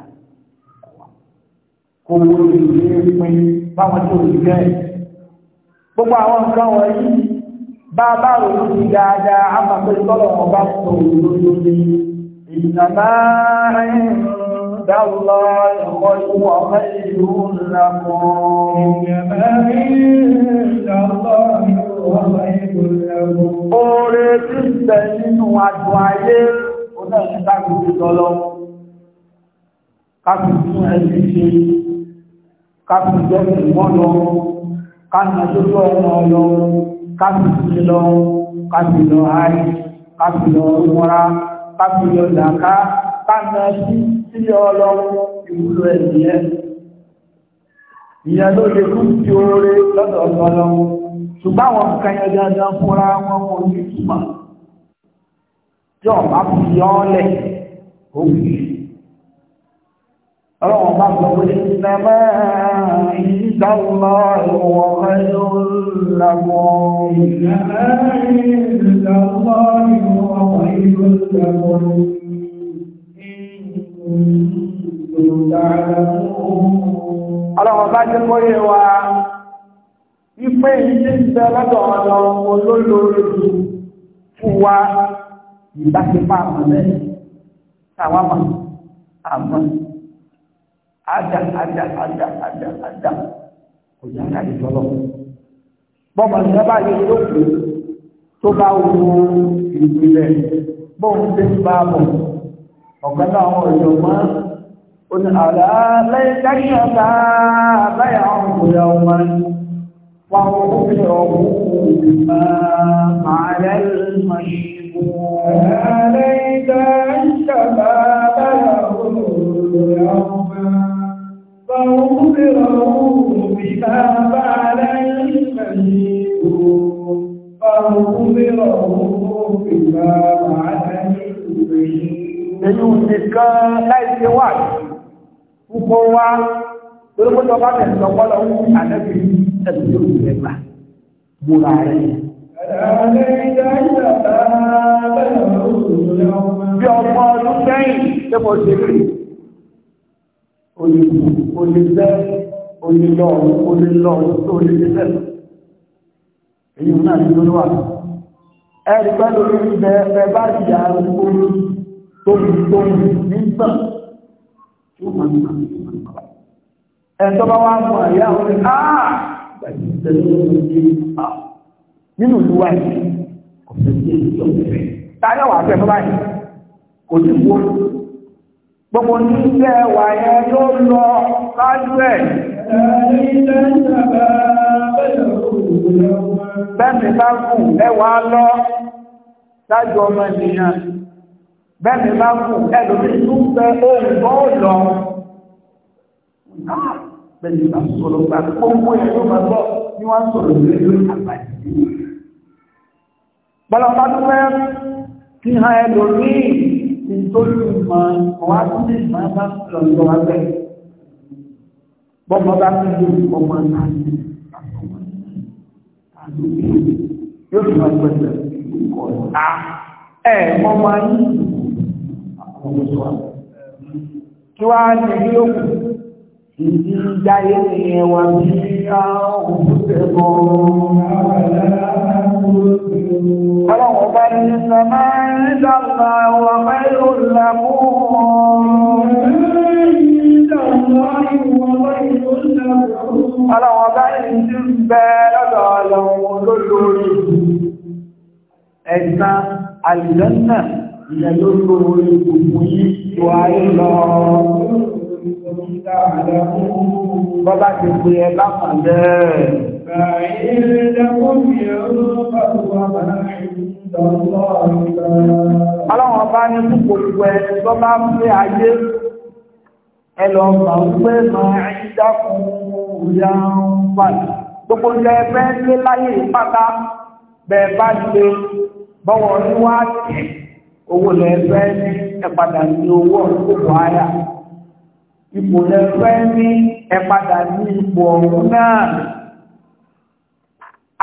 kò wọ́n lè ṣe é pin báwọn tó lè jẹ́ gbogbo àwọn nǹkan wọ̀nyí bá bá rò ti dáadáa á máa pé tọ́lọ̀ wọn bá sọ òun lórí ìlànà عند الله خير وخير لكم إنما عند الله وخير لكم Oore tí ń bẹ nínú àjò ayé, ó náà ní káàkiri tọ́lọ. Káàkiri fún ẹni ṣe, káàkiri jẹ́ ìwọ́n lọ, káàkiri lójú ọmọ lọ, káàkiri lọ, káàkiri lọ ààrẹ, káàkiri lọ ọmọra, káàkiri lọ dàká, káàkiri sí ọlọ́run ìwúlò ẹ̀dìyẹ ìyẹn ló lè fún tí ó rí lọ́dọ̀ ọlọ́run ṣùgbọ́n àwọn nǹkan yẹn dandan fúnra wọn kò ní túmọ̀ tí ọ̀pá fi yọ́ lẹ̀ òwúrì ọlọ́run bá sọ pé ìsinmi ìdá lọ ìwọ̀n ẹ̀yọ́ lọ́wọ́ ìsinmi ìdá lọ ìwọ̀n ẹ̀yọ́ lọ́wọ́ ọlọ́run bá jẹ́ kó yé wa wípé ìdí ń bẹ lọ́dọ̀ ọ̀dọ̀ olólórí ju fún wa ìbáṣepá àmọ́lẹ̀ táwa mọ̀ àmọ́ àdà àdà àdà àdà àdà kò yá ká ìjọlọ. bọ́mọ̀ ní ọba yìí ló kù tó bá wo ìpìlẹ̀ bóun ti ń bá bọ̀ ọ̀gá náà ọ̀yọ́ mọ́. قل ألا ليس الشفاء بيعه يوما وأخبره بما فعل المشركون أليس الشفاء بيعه يوما فأخبره بما فعل المشركون فأخبره بما فعل المشركون Èyí ò ti ká kúkọ́ wá torí kó tọ́ bá tẹ̀sí ọpọlọ ń kú àlẹ́bí ẹ̀sùn tó kù rẹ̀ gbà múra rẹ̀. Bí ọmọ ọdún sẹ́yìn ṣé mo ṣe rí? Olùkú, olùfẹ́, olùlọ, olùlọ, olùfẹ́. Èyí náà ní lórí wà. Ẹ̀rí pẹ́ lórí bẹ́ẹ̀ bá ìyá olú tó ń tó ń ní sàn ẹ̀tọ́ bá wá mọ̀ àyà àwọn àà nínú ìlúwà yìí kò fẹ́ sí ètò ìfẹ́ táyọ̀ wà fẹ́ báyìí kò ní wo gbogbo ní iṣẹ́ wà yẹn yóò lọ kájú ẹ̀ bẹ́ẹ̀ mi bá kù ẹ wà lọ ṣáájú ọmọ ènìyàn bẹ́ẹ̀ni bá kù ẹlòmí tó fẹ́ ohun bọ́ lọ ah, bẹ́ẹ̀ni bá sọ̀rọ̀ gbà gbogbo ẹ̀ ló máa gbọ́ ní wọ́n sọ̀rọ̀ lórí lórí àgbàdì bọ́lọ́pàá tó fẹ́ fi hàn ẹlòmí nítorí ìmọ̀ ọ̀wá tó lè máa bá sọ̀rọ̀ lọ abẹ́ bọ́mọ bá fi lè ọmọ náà ní àdúgbò yóò fi máa gbẹ̀sẹ̀ ìkọ̀ọ̀ta ẹ̀ mọ́ máa ń kí wá ní ilé òkú ìdí jáyé ní ẹwà bí ààrùn-ún-tẹ̀kọ́ ọlọ́wọ́ bá ní sọmá ń dàgbà wà mẹ́lò lámú ọlọ́wọ́ bá ní sí bẹ́ lọ́dọ̀ ọlọ́wọ́ lólórí ẹ̀sán àlìdánná ìyẹn ló tó orí gbogbo yìí tó ayé lọ. ti pè ẹ lápàdẹ́. Ọlọ́run ọba ní púpọ̀ ìwẹ̀ tó bá fẹ́ ayé. Ẹ lọ ń pé máa ń ìyá ń Gbogbo ilẹ̀ ẹgbẹ́ ń lé láyé ìpátá bẹ̀ẹ̀ bá ṣe bọ́wọ̀ ní tẹ̀ owó lẹ́fẹ́ ní ẹ̀padà ní owó òkòkò àyà ipò lẹ́fẹ́ ní ẹ̀padà ní ipò ọ̀hún náà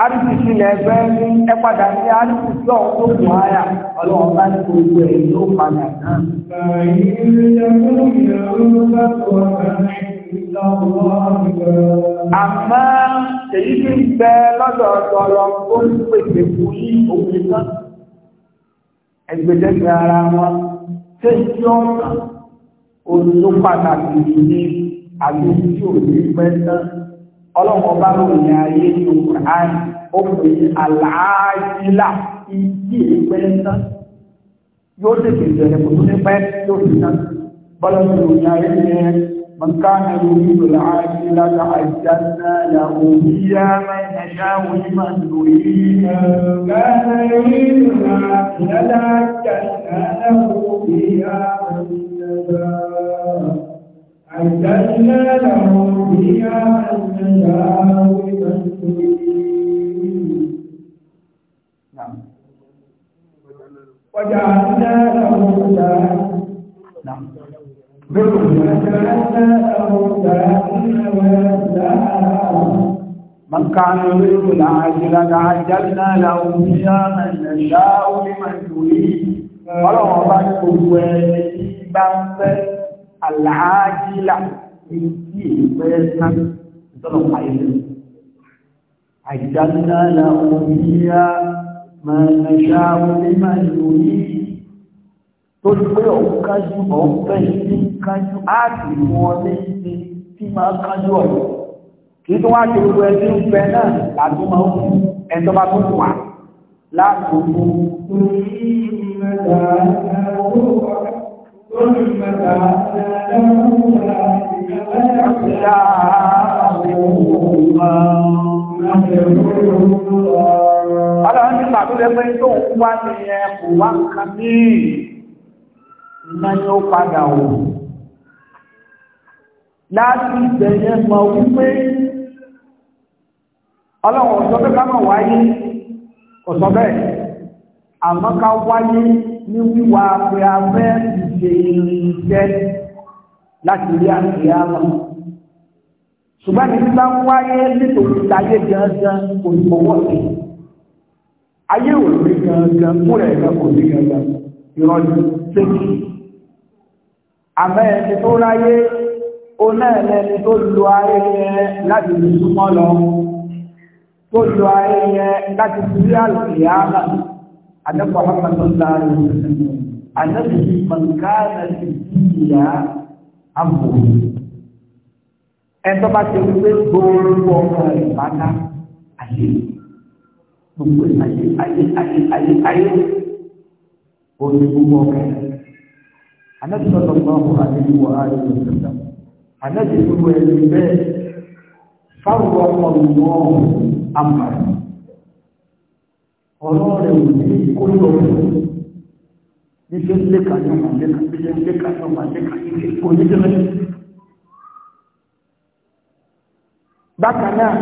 arìsìsì lẹ́fẹ́ ní ẹ̀padà ní arìsìsì ọ̀hún òkòkò àyà ọlọ́run bá ní gbogbo ẹ̀ ló padà náà. àmọ́ èyí ti ń bẹ lọ́dọ̀ ọ̀dọ̀ ọ̀rọ̀ tó ń pèsè fún yí òun nìkan ẹgbẹ̀dẹ́gbẹ̀ ara wọn tẹ́ tí ó tàn olùdó pàtàkì yìí ní àbí tí ò ní pẹ́ tán ọlọ́wọ́ bá ròyìn ayé ní ọkùnrin ó pè é àlàájílà ìdí ìpẹ́ tán yóò tètè bẹ̀rẹ̀ kò tó ní pẹ́ yóò fi tán bọ́lá ròyìn ayé ní من كان يريد العاجلة عجلنا له فيها من نشاء لمن نريد كان يريد العاجلة عجلنا له فيها من نشاء عجلنا له فيها من نشاء لمن نريد نعم وجعلنا له نعم من كان يريد العاجلة عجلنا له فيها من نشاء لمن يريد ولو ضعف بس العاجلة عجلنا له فيها ما نشاء لمن يريد tó ní pé òun kájú òun fẹ́yìn ní kájú áàtì wọn ní ti tí máa kájú ọ̀rọ̀ kì í tó wá ti gbogbo ẹni ń fẹ́ náà láti máa ń fún ẹni tó bá tó wà láti fún Ọlọ́run ti pàtó lẹ́gbẹ́ tó ń wá ní ẹ̀kùn wá kan ní iná yóò padà wò láti ìbẹ̀yẹ mọ̀ wípé ọlọ́wọ̀ ọ̀sọ́ pé ká mọ̀ wáyé ọ̀sọ́ bẹ́ẹ̀ àmọ́ ká wáyé ní wíwá pé a fẹ́ ìṣe irinṣẹ́ láti rí àṣìyá náà ṣùgbọ́n ní bá ń wáyé nítorí ayé gangan kò ní owó sí ayé ò rí gangan fúnra ẹ̀ka kò rí gangan ìrọ̀lú ṣéjì àmọ́ ẹni tó ráyé ó náà lẹni tó lo ayé yẹn láti lè súnmọ́ lọ tó lo ayé yẹn láti fi rí àlùkè àmà àdẹ́kọ̀ọ́ àpàtọ́ láàrin àdẹ́kọ̀ọ́ mọ̀nkánà ti ìyá àbò ẹni tó bá ti rí pé gbogbo ọkọ rẹ̀ pátá ayé ayé ayé ayé ayé gbogbo ọkọ anabi sallallahu alayhi wa alihi wa sallam anabi wíwọ ẹni bẹ́ẹ̀ fáwọn ọmọ àmà ọ̀rọ̀ rẹ̀ ò ní kó lọ ní ṣe ń léka ní ọmọ léka ní ṣe ń léka ní ọmọ léka ní ṣe kò ní jẹ́rẹ́ bákan náà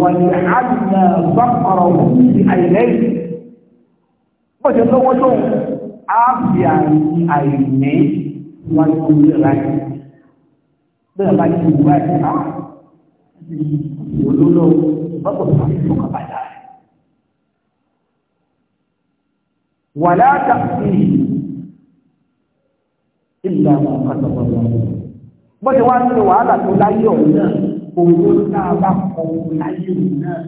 wọ́n ní àdìyàn bá ọ̀rọ̀ òun ní àìlẹ́yìn bọ́jọ́ lọ́wọ́ lóhùn áàpì àìní wájú orí ráyé bẹ́ẹ̀ bá yẹ ìwà ẹ̀ ká olólò bọ́pọ̀ tó fi fún kàbàdà rẹ̀. wà láàkà sí ìlà àwọn kàtàkùn ọ̀rọ̀ bọ́dẹ̀ wá sí wàhálà tó láyé ọ̀hún náà òun ló ń ká bá kọ́ láyé òun náà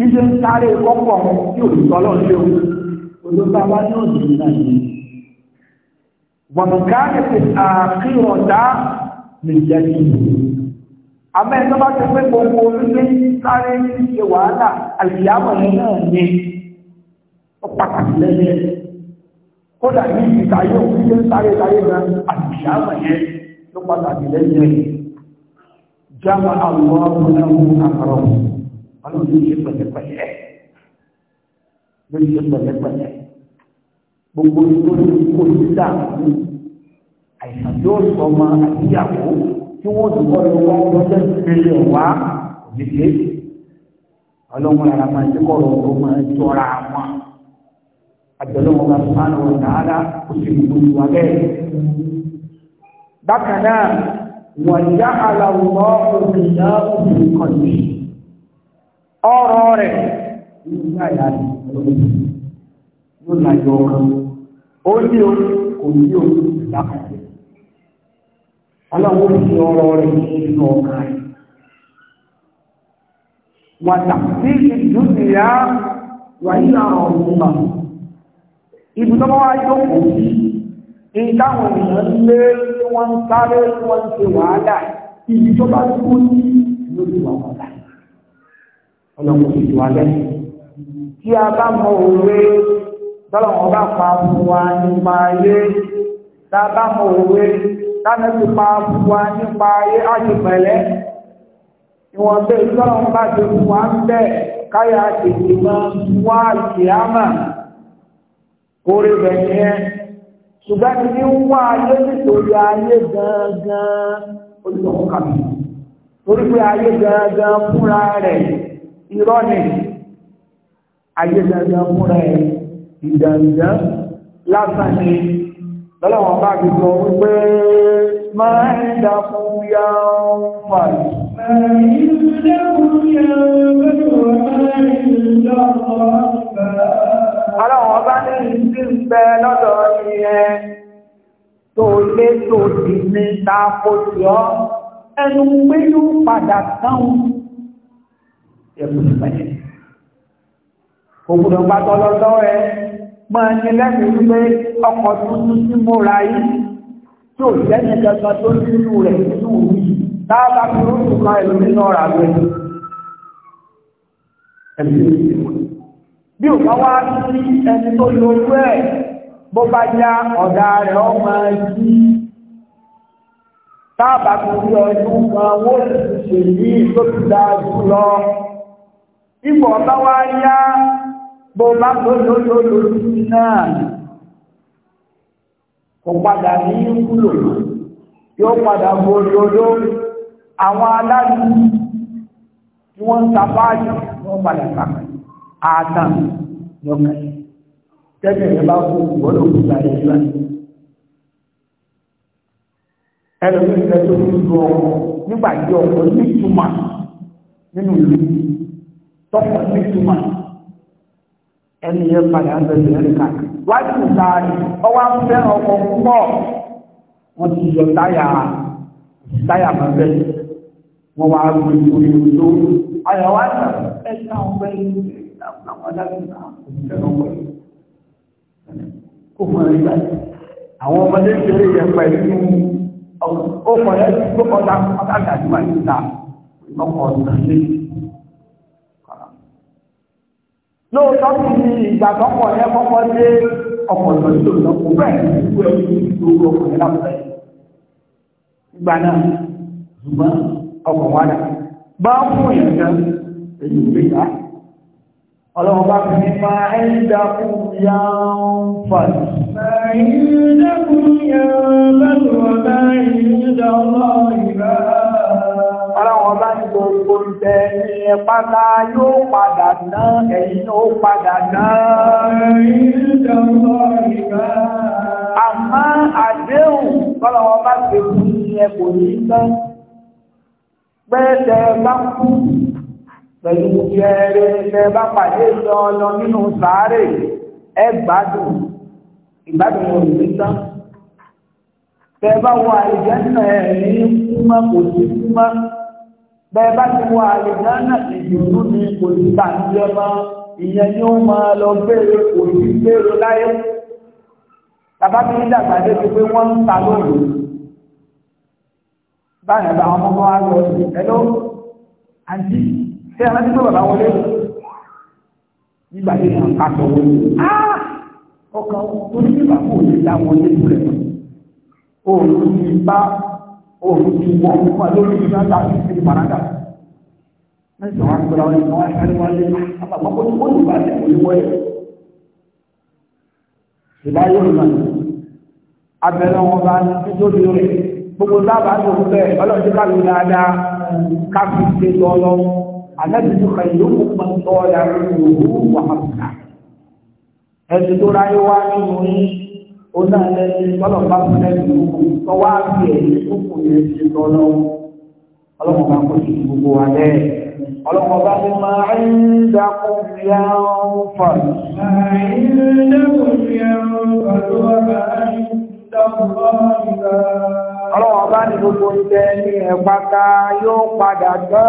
bí ṣe ń sáré kọ́pọ̀ tí òṣìṣẹ́ ọlọ́run ṣe òun òṣìṣẹ́ bá wá ní òṣìṣẹ́ náà ní. wọ̀nkáàdì ti àkíyàn dá lè jẹ́ kí n. àmọ́ ẹni tó bá ti pé gbogbo orílẹ̀ sáré ṣe wàhálà àlìyáwọ̀ yẹn náà ní ó pàtàkì lẹ́yẹ. kódà ní ìta yóò fi ṣe ń sáré láyé gan àlìyáwọ̀ yẹn ló pàtàkì lẹ́yẹ. jáma àwọn ọmọ náà ń ọlọ́run ló ṣe pẹ̀lẹ́pẹ̀lẹ́ ló ṣe pẹ̀lẹ́pẹ̀lẹ́ gbogbo tó ní kó ní dààmú àìsàn tó sọ ọmọ àtìyàwó tí wọ́n ti kọ́ ló wọ́n lọ́jọ́ ìpínlẹ̀ wá òdìdé ọlọ́run lára máa ti kọ́ ọ̀rọ̀ ọ̀rọ̀ máa jọra wọn àjọlọ́wọ́n bá tó máa ń lọ sàárà kó sì gbogbo wa bẹ́ẹ̀. bákan náà wọ̀nyá àlàwọ̀ ọ̀rọ̀ ìyá òkú kan nìyí ọ̀rọ̀ rẹ̀ nígbà ìyá rẹ̀ ló lájọ ọkàn ó ní o kò ní o lápàdé ọlọ́run fi ọ̀rọ̀ rẹ̀ nínú ọkàn rẹ̀ wàtà sí ìdúnnìyà wàhíà ọ̀rùnmà ibùdókọ́ wa jókòó sí ìdáhùn ènìyàn lé wọ́n ń sáré wọ́n ń ṣe wàhálà ibi tó bá kú ní lórí wàhálà ọlọ́run kò sì wá lẹ́yìn. Tí a bá mọ òwe tọ́lọ̀wọ́n bá pa fún wa nípa ayé, tá a bá mọ òwe táná ti pa fún wa nípa ayé àti pẹ̀lẹ́. Ìwọ̀n tó tọ́lọ̀wọ́n bá ti fún wa ń bẹ̀ káyà tètè mọ wá ìkìlámà orí rẹ̀ yẹn. Ṣùgbọ́n ti ní wá ayé nítorí ayé gangan olùdókòkàmì. Torí pé ayé gangan fúnra rẹ̀ irọ́ ni ayédájá fúnra ẹ̀ ìdàndà lásán ni lọ́lọ́wọ́n bá fi sọ wípé máa ń dàkú ya ń fà Ọlọ́wọ́n bá ní ìdí ń bẹ lọ́dọ̀ ìyẹn tó lé tó dì ní ta kò sí ọ́ ẹnu pé yóò padà sáhùn ẹ̀kùn ti bàjẹ́. Òbúdọ̀ pàtó lọ́dọ́ ẹ máa ní lẹ́nu wípé ọkọ̀ tuntun tí mo ra yìí tí ò lẹ́nu kankan tó nínú rẹ̀ nínú òun yìí táàbà fi rúùtù kan ẹlòmí náà rà lọ bí ò bá wá sí ẹni tó lójú ẹ̀ bó bá já ọ̀dà rẹ̀ ọ máa yí táàbà fi rí ọdún kan wó ṣèlú tó ti dáa jù lọ ipò ọba wá yá bó bá tó lójó lójú náà kò padà ní kúlò yóò padà bo lójó àwọn aláàbí tí wọ́n ń ta báàjì wọ́n padà kàkà àtàn lọ́kàn tẹ́lẹ̀ rẹ̀ bá kú gbọ́dọ̀ kú láyé ìlú àti ẹlòmíràn tó ń lu ọkọ̀ ọkọ̀ ní ìtumọ̀ nínú ìlú tọ́pọ̀ sí túmọ̀ ẹni yẹn padà ń bẹ̀rẹ̀ ẹni wájú ìtaari ọwọ́ afẹ́ ọkọ̀ púpọ̀ wọ́n ti yọ táyà táyà mọ́bẹ́ wọ́n wá gbé orí ojú ayọ̀ wá sọ ẹ ṣe àwọn ọgbẹ́ yìí àwọn adágún kò fẹ́ ọkọ̀ yìí àwọn ọmọdé kéré yẹn pẹ̀lú ọkọ̀ yẹn tó kọjá ọ̀tá gàdúrà yìí ta ọkọ̀ ọ̀tá yìí. lóòótọ́ sí ní ìgbà tọ́pọ̀ ẹ kọ́kọ́ dé ọkọ̀ ìlọ́sílò lọ́pọ̀ bẹ́ẹ̀ ní ìlú ẹni lórí ọkọ̀ ẹ̀ lápẹ́ ìgbà náà ṣùgbọ́n ọkọ̀ wà dà bá fún ìrìnà èyí ìgbé yá ọlọ́run bá fi nípa ẹni dákún ya ń fà ní. ẹ̀yìn dákún ya ń bá lọ́wọ́ bá olùtẹ ní ẹ̀pátá yóò padà ná ẹ̀yìn ó padà ná. Àmọ́ àdéhùn kọ́lọ̀wọ́ bá ṣe fún ní ẹkò ní tán. Pẹ́ẹ̀tẹ̀ bá kú pẹ̀lú jẹrẹ tẹ bá pàdé lọ́ọ̀lọ́ nínú sàárè ẹ gbádùn ìgbádùn òní tán ní kúmọ́ bẹ́ẹ̀ bá ti wà àlèdánà ìdùnnú ni kò sí tàbílẹ̀ mọ́ ìyẹn ni ó máa lọ béèrè kò sí béèrè láyé bàbá mi ní dàgbà dé ti pé wọ́n ń ta lóòrò báyìí bá àwọn ọmọ wa lọ sí ẹlọ àǹtí ṣé ẹ rántí tó bàbá wọlé nígbà tí wọ́n ká sọ wọlé ah, ọkàn tó ní bàbá òní dá wọlé òòrùn ti wọ̀ fún àlórí ìgbà láti fi ìpàdà. Mẹ́sàn-án wá gbọ́dọ̀ wọn ni wọ́n ṣáré wọlé àpapọ̀ kó tó lù bá ṣe kò ní wọ́yẹ̀. Ìbá yóò lọ di rẹ̀. Gbogbo dábàá tó ń bẹ̀ ọlọ́dún ká ló dáadáa ká fi ṣe lọ lọ. Àlẹ́bí tó kàn yóò mú ó náà lẹ́yìn tọ́lọ̀ bá fún ẹ̀sìn òkú tó wá bí ẹ̀yìn òkú yẹn ti tọ́ lọ́wọ́ ọlọ́mọ bá kó sí gbogbo wa lẹ́ ọlọ́mọ bá ní máa ń dákún yá ń fà. máa ń dákún yá fà tó wá bá Ọlọ́run ọba ní gbogbo ìtẹ́ ní ẹ̀pàká yóò padà gbọ́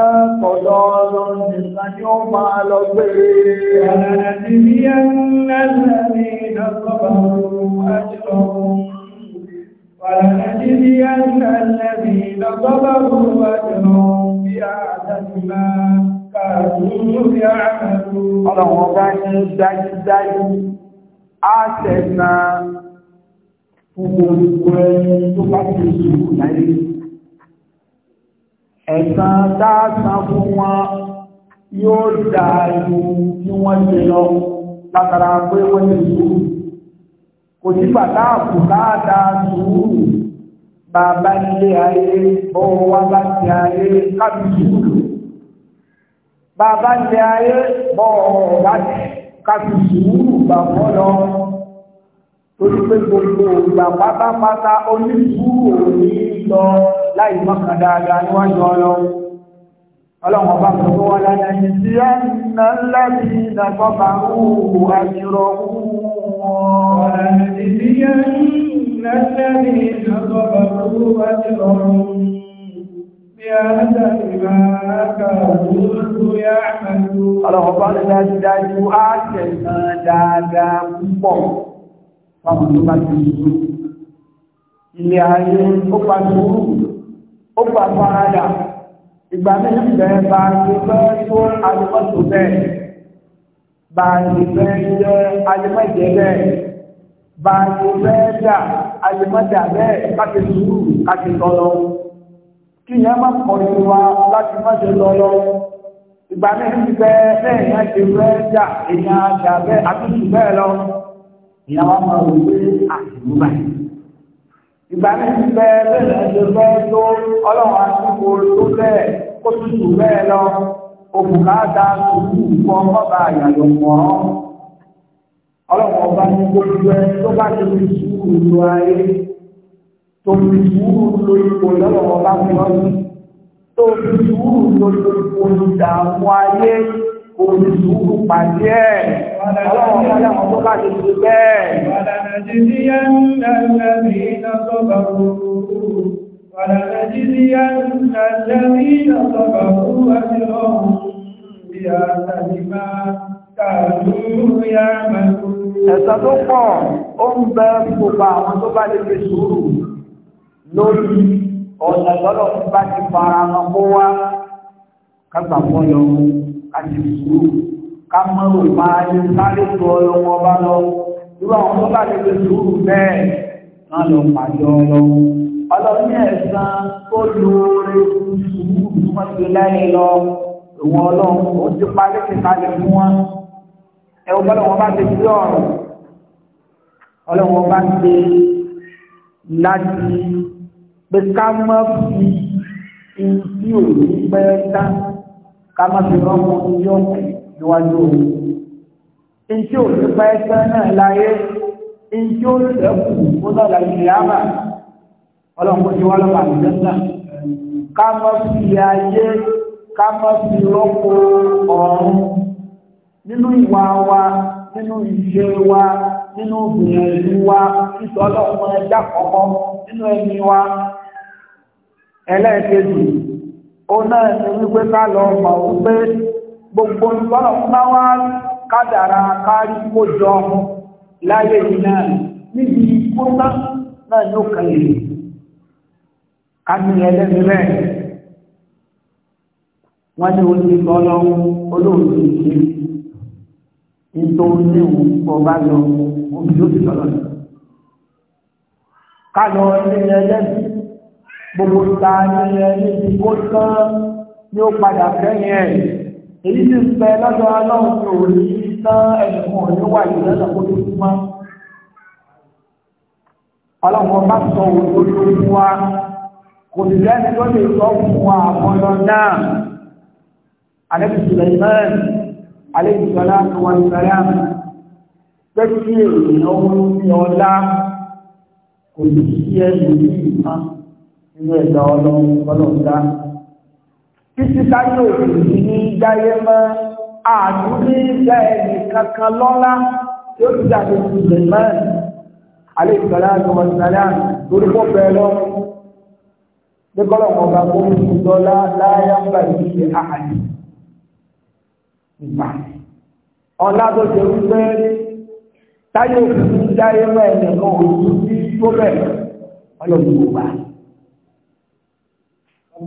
ọ̀dọ́ ọlọ́run nìkan ni ó máa lọ gbé. ولنجزين الذين صبروا أجرهم بأحسن ما كانوا يعملون. Ọlọ́run ọba ní dájúdájú, á tẹ̀sán fún gbogbo ẹni tó bá ti sùúrù láyé ẹ̀sán dáadáa fún wọn yóò dá ìlú tí wọ́n ṣe lọ látara pé wọ́n ti sùúrù kò sí bàtà àpò dáadáa sùúrù bàbá ilé ayé ọwọ́ wa bá ti ayé láti sùúrù bàbá ilé ayé bọ́ọ̀ wá káfíṣùúrù bàbọ́ lọ torí pé gbogbo ìgbà pátápátá onísùúrù òní lọ láì mọ́kàn dáadáa níwájú ọlọ ọlọ́run ọba mi tó wọ́n lẹ́nu ẹni tí ẹ nà lẹ́bi ìdàgbọ́ba òwò àjùrọ̀ wọn. ẹni tí ẹ nà lẹ́bi ìdàgbọ́ba òwò àjùrọ̀ wọn. Ọlọ́run ọba ní dájúdájú á tẹ̀sán dáadáa púpọ̀ fáwọn tó bá ti sùúrù ilé ayé ó gba sùúrù ó gba farada ìgbà mẹ́rin bẹ́ẹ̀ bá ti fẹ́ tó alùpàtó bẹ́ẹ̀ bá ti fẹ́ jẹ́ alùpàjẹ́ bẹ́ẹ̀ bá ti fẹ́ dà alùpàjà bẹ́ẹ̀ ká ti sùúrù ká ti tọ́lọ́ kí yẹn má pọ̀ ní wa láti má ṣe lọ́lọ́ ìgbà mẹ́rin bẹ́ẹ̀ bẹ́ẹ̀ ti fẹ́ dà èèyàn àgbà bẹ́ẹ̀ àtúntò bẹ́ẹ̀ lọ ìyàwó máa wò pé àtìlú báyìí. ìgbà mi ti bẹ bẹ́ẹ̀ ṣe fẹ́ tó ọlọ́run àtúkò tó bẹ́ẹ̀ kó tutù bẹ́ẹ̀ lọ òbùkátà tùkù kọ́ mọ́ba àyàlò mọ́rán. ọlọ́run ọba ní gbogbo ẹ tó bá ti fi sùúrù lo ayé tó fi sùúrù lo ipò ayé olùsùúrù pàdé ẹ̀ ọlọ́run ọlọ́run àwọn tó bá ti ṣe bẹ́ẹ̀. Ẹ̀san tó pọ̀, ó ń bẹ gbogbo àwọn tó bá lè fi sùúrù lórí ọ̀nà tọ́lọ̀ bá ti fara wọn kó wá kágbà fọ́ yọ àti ìṣòro ká mọ́ ò máa ní sáré tó ọlọ́wọ́ bá lọ irú àwọn tó bá lè fi sùúrù bẹ́ẹ̀ náà lọ pàdé ọlọ́wọ́ ọlọ́wọ́ ní ẹ̀sán tó lóore sùúrù tí wọ́n ti lẹ́yìn lọ ìwọ̀n ọlọ́wọ́ ó ti parí kíkalẹ̀ fún wọn ẹ wọ́n bọ́lá bá ti fi ọ̀rọ̀ ọlọ́wọ́ bá ti láti pé ká mọ́ fi ìdí òní pẹ́ dáná. Kama fi rọ́pò yóò pè níwájú òun. Ìjì òní pa ẹsẹ̀ náà láyé, ìjì ó sẹ́kù ó kama ìyáàmà, ọlọ́run kò ti wá lọ́pàá àti jẹ́sà. Kámá fi ayé, kámá fi rọ́pò ọ̀run. Nínú ìwà wa, nínú ìṣe wa, nínú ìgbìyànjú wa, títọ́ ọlọ́run ẹja kọ̀ọ̀kan nínú ẹni wa ó náà ní wípé ká lọ mọ̀ wípé gbogbo ìgbọ́nà máa wá kádàrà kárí kó jọ láyé yìí náà níbi kóńtà náà ní ó kàn yìí ká ní ẹlẹ́ni rẹ̀ wọ́n ní oṣù tọ́lọ́ olóòtú ìṣe nítorí léwu ọba lọ omi lóṣù tọ́lọ́ ká lọ ní ẹlẹ́ni gbogbo ta ní ẹni tí kó tán ní ó padà kẹ́yìn ẹ̀ èyí ti pẹ lọ́dọ̀ ọlọ́run ní òní tán ẹnìkan ní wà ní lọ́dọ̀ kó tó kú mọ́ ọlọ́run bá sọ òun tó tó fún wa kò sì lẹ́ni tó lè sọ fún wa àbọ̀lọ náà alẹ́bí Sulaiman alẹ́bí sọlá tó sọlá pé kí èèyàn ó ní ọlá kò sì sí ẹni yìí tán nínú ẹ̀dá ọlọ́run ọlọ́ọ̀dá. Títí táyé òkèèrè ní jáyé mọ́ àdúrí ìjà ẹ̀mí kankan lọ́lá tí ó ti dàbí ìṣẹ̀lẹ̀ mẹ́rin. Alẹ́ ìgbàlá àgbọ̀mọ̀ ìsàlẹ̀ lórí pọ̀ bẹ́ẹ̀ lọ. Dékọ́lọ̀ kan bá kó ní ìdọ́lá láyá ń bà ní ṣe àhàdì. Ìgbà. Ọlá tó ṣe wípé táyé òkèèrè ní jáyé mọ́ ẹ̀mí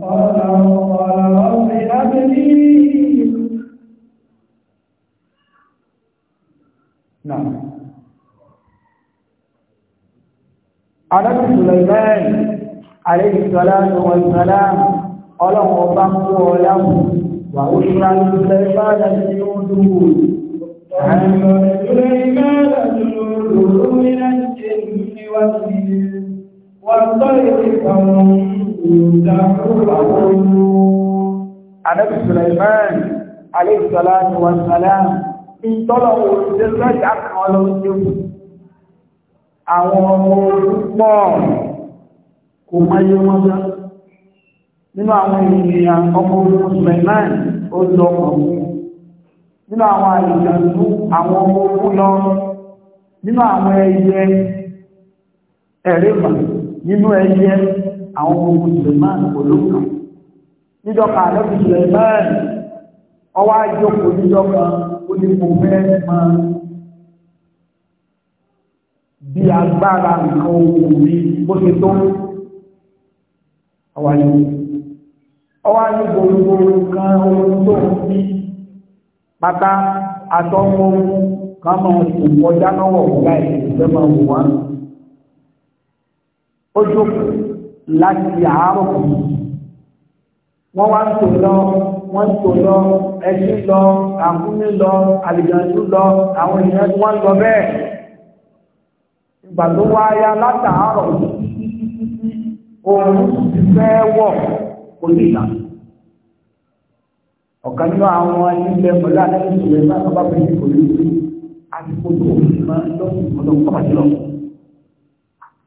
قال قال رب أبني نعم عرب سليمان عليه الصلاة والسلام قال وقام ولم وأشرى سليمان جنوده عن سليمان جنوده من الجن والإنس Ànábì Sulaiman, Aléìsàlámi wa Sàlám, ìtọ́lọ̀ òṣìṣẹ́ lọ́jà kan lọ sí òkú. Àwọn ọmọ olùpọ̀ kò máyé wọ́n bá. Nínú àwọn ènìyàn ọmọ olùpọ̀ Sulaiman, ó lọ ọmọ. Nínú àwọn àìjàndú, àwọn ọmọ olùpọ̀ lọ. Nínú àwọn ẹyẹ, ẹ̀rẹ́ nínú ẹyẹ àwọn ọmọ Suleiman olóka níjọba àlọ́bí Suleiman ọwọ́ àjọkò níjọba ó ní kò fẹ́ máa bí agbára nǹkan ohun mi bó ṣe tó ọwọ́ àjọkò ọwọ́ àjọkò gbogbo nǹkan ohun tó ń bí pátá àtọ́mọ́ kan máa kò kọjá náà wọ̀ wọ́n láì fẹ́ máa wọ̀ ó jókòó láti àárọ̀ kù wọ́n wá ń tò lọ wọ́n ń tò lọ ẹṣin lọ àkúnmí lọ àlìjàndú lọ àwọn èèyàn tí wọ́n ń lọ bẹ́ẹ̀ ìgbà tó wá ya látàárọ̀ òun ti fẹ́ wọ̀ kò ní ìlànà ọ̀kan nínú àwọn ilé pẹ̀lú àdéhùn ìṣòro ìgbà tó bá fẹ́ ní kò ní ìlú àti kó tó òun ti máa lọ́kùnrin ọlọ́kùnrin pàtàkì lọ́kùnrin.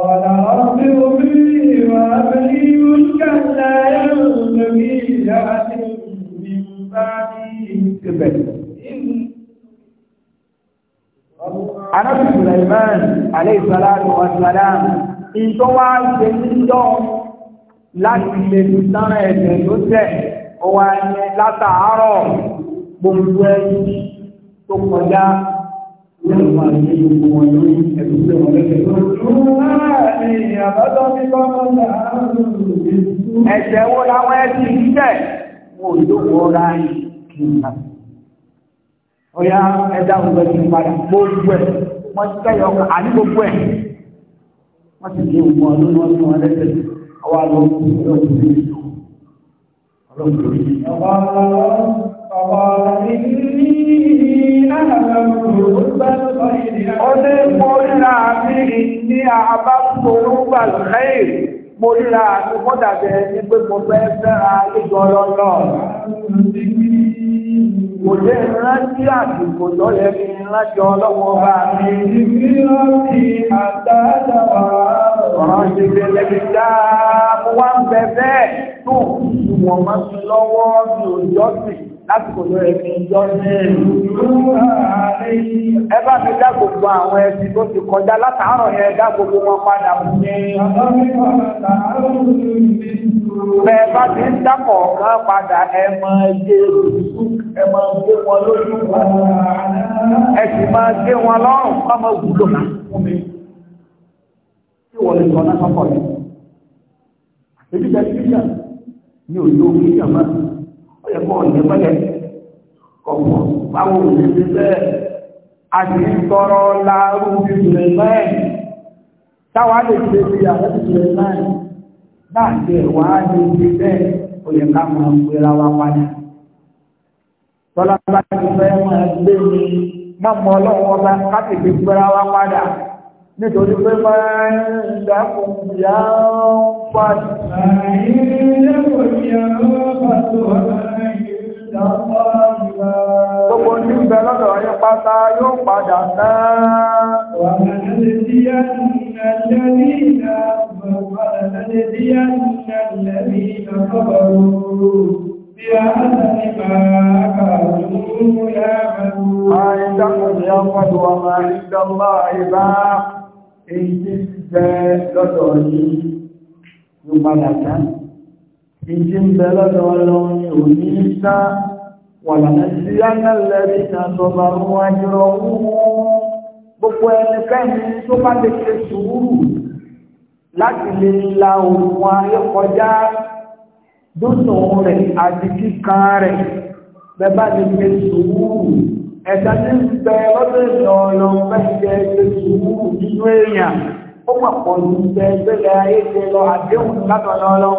قال رب اغفري وهب لي ملكا لا ينبغي لأحد من بعدي Anábì Sulaiman Aleyhisalatu Wasalam, ìtọ́ wá ṣe níjọ́ láti lè lù sára ẹ̀sẹ̀ ló tẹ̀, ó wá ní látàárọ̀ gbogbo ẹni tó kọjá Oya, máa ní gbogbo wọn lórí ti padà gbogbo ẹ̀ wọ́n ti tẹ́yọ̀ ọkọ̀ àní gbogbo ẹ̀ wọ́n ti di òun ọdún wọn sí wọn lẹ́sẹ̀ àwọn àlọ́ òkú ọlọ́run Ọdé mọ́rílá mi ní àbá torúgbà lẹ́yìn mọ́rílá mi mọ́dàbẹ̀ ní pé mo fẹ́ fẹ́ra ìjọ lọ́lọ́. Kò lè rántí àsìkò tó yẹ kí n ọlọ́wọ́ bá mi. Ọ̀rọ̀ ti bẹ̀rẹ̀ mi dáa, mo wá ń bẹ̀ bẹ́ẹ̀ tó lásìkò ló rẹ̀ fi yọ ẹ bá fi dá gbogbo àwọn ẹ̀sìn tó ti kọjá látàárọ̀ yẹn dá gbogbo wọn padà fún mi. bẹ́ẹ̀ bá ti ń dákọ̀ kan padà ẹ mọ ẹgbẹ́ ẹ mọ gbé wọn lójú ẹ sì máa gbé wọn lọ́rùn kọ́ mọ wúlò náà fún mi. tí wọ́n lè sọ náà kọ́kọ́ yẹn. èyí jẹ́ kírísítà ni òjò kírísítà máa ẹ̀kọ́ ìyẹ́pẹ́lẹ̀ ọ̀pọ̀ báwo ní ti bẹ́ẹ̀ a ti ń tọrọ láàrú ìrìnlẹ̀ náà táwa lè ṣe bí àwọn ìrìnlẹ̀ náà náà ṣe wà á ní ti bẹ́ẹ̀ ó yẹ ká máa pera wa padà tọ́lá bá ti fẹ́ máa gbé mi má mọ ọlọ́run ọba ká tètè pera wa padà nítorí pé máa ń dákùn yá ń pàdé. Gbogbo ní ìgbẹ̀ lọ́dọ̀ ayé pátá yóò padà náà. Wà lẹ́lẹ́ tí yá ń lẹ́lẹ́ ní ìlà, wà lẹ́lẹ́ tí yá ń lẹ́lẹ́ ní ìlà sọ́bọ̀rọ̀. ما عندكم ينفد وما عند الله باق èyí tí bẹ lọ́dọ̀ yìí ló padà dá èyí tí ń bẹ lọ́dọ̀ ọlọ́run ò ní sá wàlànà sí ánàlẹ́rí náà tó bá ń wájú ọwọ́ gbogbo ẹnikẹ́ni tó bá lè ṣe sùúrù láti lè rẹ̀ àti kíkan rẹ̀ bẹ́ẹ̀ bá lè ṣe sùúrù ẹ̀dá ní ìgbẹ́ lọ́dọ̀ ìrọ̀lọ́ fẹ́jẹ́ ṣe sùúrù nínú èèyàn ó mà pọ̀ ní ìgbẹ́ ìgbẹ́lẹ̀ ayé ṣe lọ àdéhùn látọ̀nà lọ.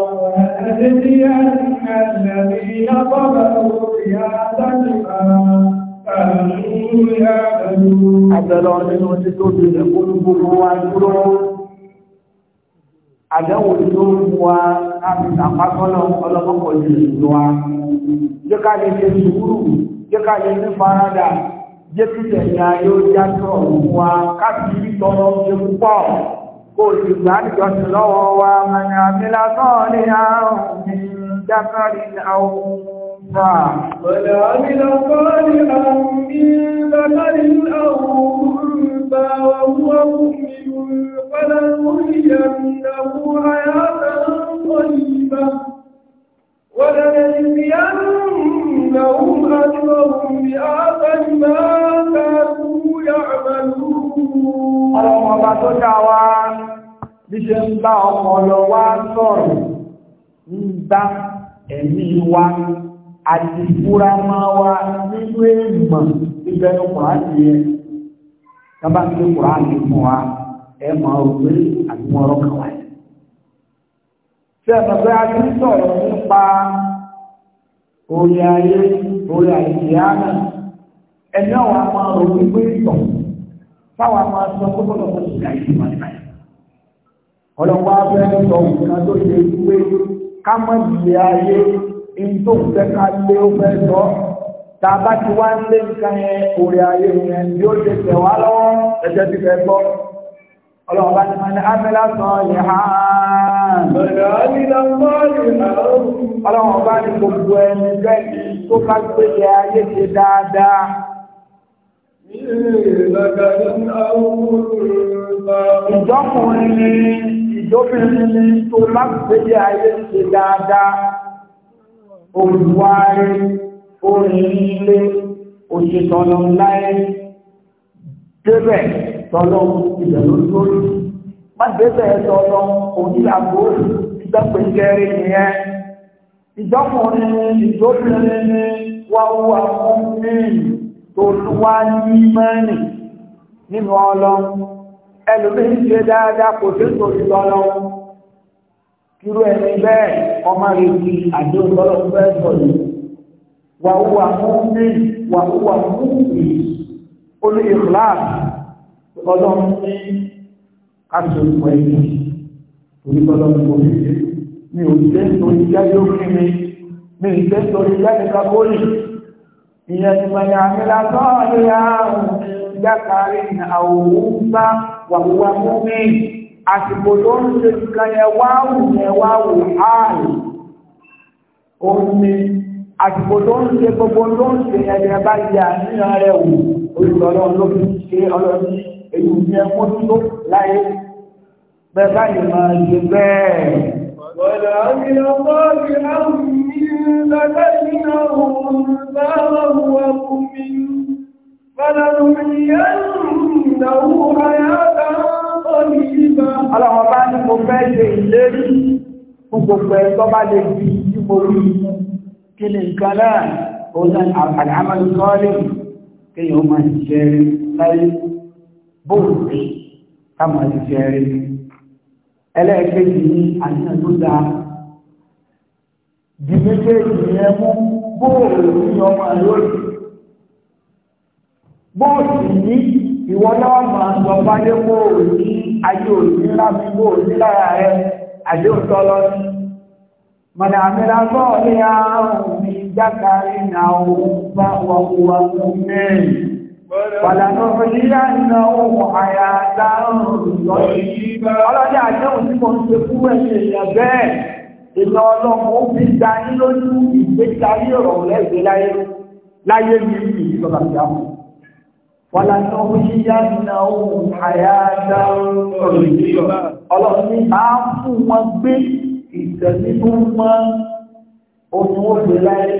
Àbẹ̀lọ nínú ti tó di rẹ̀ kó ní gbogbo wa dúró. Àdéhùn tó ń wa láti tàpá sọ́nà ọlọ́mọkọ̀ọ́dì ìlú wa. Jọ́ká lè ṣe sùúrù jẹ́ ká lè ní farada jẹ́ kí ẹ̀yà yóò já tọ̀ wá káàkiri tọrọ ṣe púpọ̀ kó o sì gbà níjọ sí lọ́wọ́ wa mọ̀nà àmìlá náà ní àrùn ní jákàrí àwọn ọ̀fà. mọ̀nà àmìlá náà ní àrùn ní jákàrí àwọn ọ̀fà wà wọ́n kú فلن نرينه حياة طيبة ولنسينه إنهم أجرهم بآخر ما كانوا يعملون ọlọ́mọ bá tó dá wa bí ṣe ń bá ọmọ lọ wá sọ̀rọ̀ ń bá ẹ̀mí wa àti ìfúra máa wá nínú èèmọ̀ ìbẹ̀rù kùránì yẹn tábà ń gbé kùránì fún wa ẹ máa wé àdúgbò ṣé ẹ̀mọ̀ orí ayé orí àìsíáná ẹni àwọn a máa rò wípé ìtàn táwọn a máa sọ pé kọ́lọ́ fún ìgbà yìí máa náà ọlọ́pàá abẹ́rẹ́ sọ nǹkan tó ṣe wípé ká mọ̀ ìgbé ayé ní tó ń fẹ́ ká lé ó fẹ́ sọ tá a bá ti wá ń lé nǹkan yẹn orí ayé yẹn bí ó ṣe tẹ̀ wá lọ́wọ́ ẹ̀jẹ̀ ti fẹ́ gbọ́ ọlọ́pàá ti máa ní amẹ́lá sọ yẹn hàn án. Ọlọ́run bá ní gbogbo ẹni gẹ́gì tó bá gbé yẹ ayé ṣe dáadáa. Ìjọkùnrin ni ìjọbìnrin ni tó bá gbé yẹ ayé ṣe dáadáa. Olùwárí, orin ilé, òṣètọ̀nà láyé, débẹ̀ tọ́lọ́ ìbẹ̀lú mágbèsè ẹ̀sọ́ ọ̀rọ̀ oníyàwó ìgbàgbé kẹrin nìyẹn ìjọkùnrin ìjọkùnrin ni wà wà fún mi tó wá ní mẹ́rin nínú ọlọ́run ẹlòmíín ṣe dáadáa kò sí torí lọ́lọ́run irú ẹni bẹ́ẹ̀ ọmọ rẹ̀ fi àdéhùn lọ́lọ́run bẹ́ẹ̀ sọ yìí wà wà fún mi wà wà fún mi olú ìkìláàsì ọlọ́run ní káṣọ ìpọ̀ ẹ̀yìn onígbọ́dọ̀ ní mo fi ṣe mi ò jẹ́ torí jáde ó kí mi mi ò jẹ́ torí jáde kakóyì ìyẹn ti mọ̀ ní àmìlà náà ní àrùn ìyákàrí àwòrúgbá wàhùwà mú mi àsìkò tó ń ṣe nǹkan yẹn wá wù yẹn wá wù áàrù òun ni àsìkò tó ń ṣe gbogbo tó ń ṣe ẹ̀yẹ bá yẹ rẹ̀ wù olùdọ́lọ́ ló ṣe ọlọ́dún èyí ní ẹkún tó láyé bẹ́ẹ̀ yìí máa ṣe bẹ́ẹ̀. Wọ̀lá ní ọmọ ìràwùn ní lọ́lá nínú ohun láwọ̀ ọkùnrin mi. Ọlọ́wọ́ bá ní mo fẹ́ ṣe ìlérí fún gbogbo ẹ̀tọ́ bá lè fi tí mo rí kí ni nǹkan náà, bóòsì káwọn ìṣẹ́ rí ẹlẹ́ẹ̀kejì ní àníyàn tó dáa di méjèèjì mú bóòsì ní ọmọ lórí bóòsì ní ìwọ náà máa sọ fáyé bóòsì ayé òsì ńlá fi bóòsì lára àdé mọ̀nà àmìlà ní náà Fàlànàfẹ́lẹ́yà iná ohun àyà dáhùn lọ́yìn. Ọlọ́dí àjẹ́hùn tí mo ń ṣe fún ẹ̀ṣẹ̀ èèyàn bẹ́ẹ̀. Ìlọ ọlọ́mọ ó fi dá ní lójú ìgbésí ayé ọ̀rọ̀ lẹ́gbẹ̀ẹ́ láyé láyé ní ìlú mọ́ ohun ó láyé.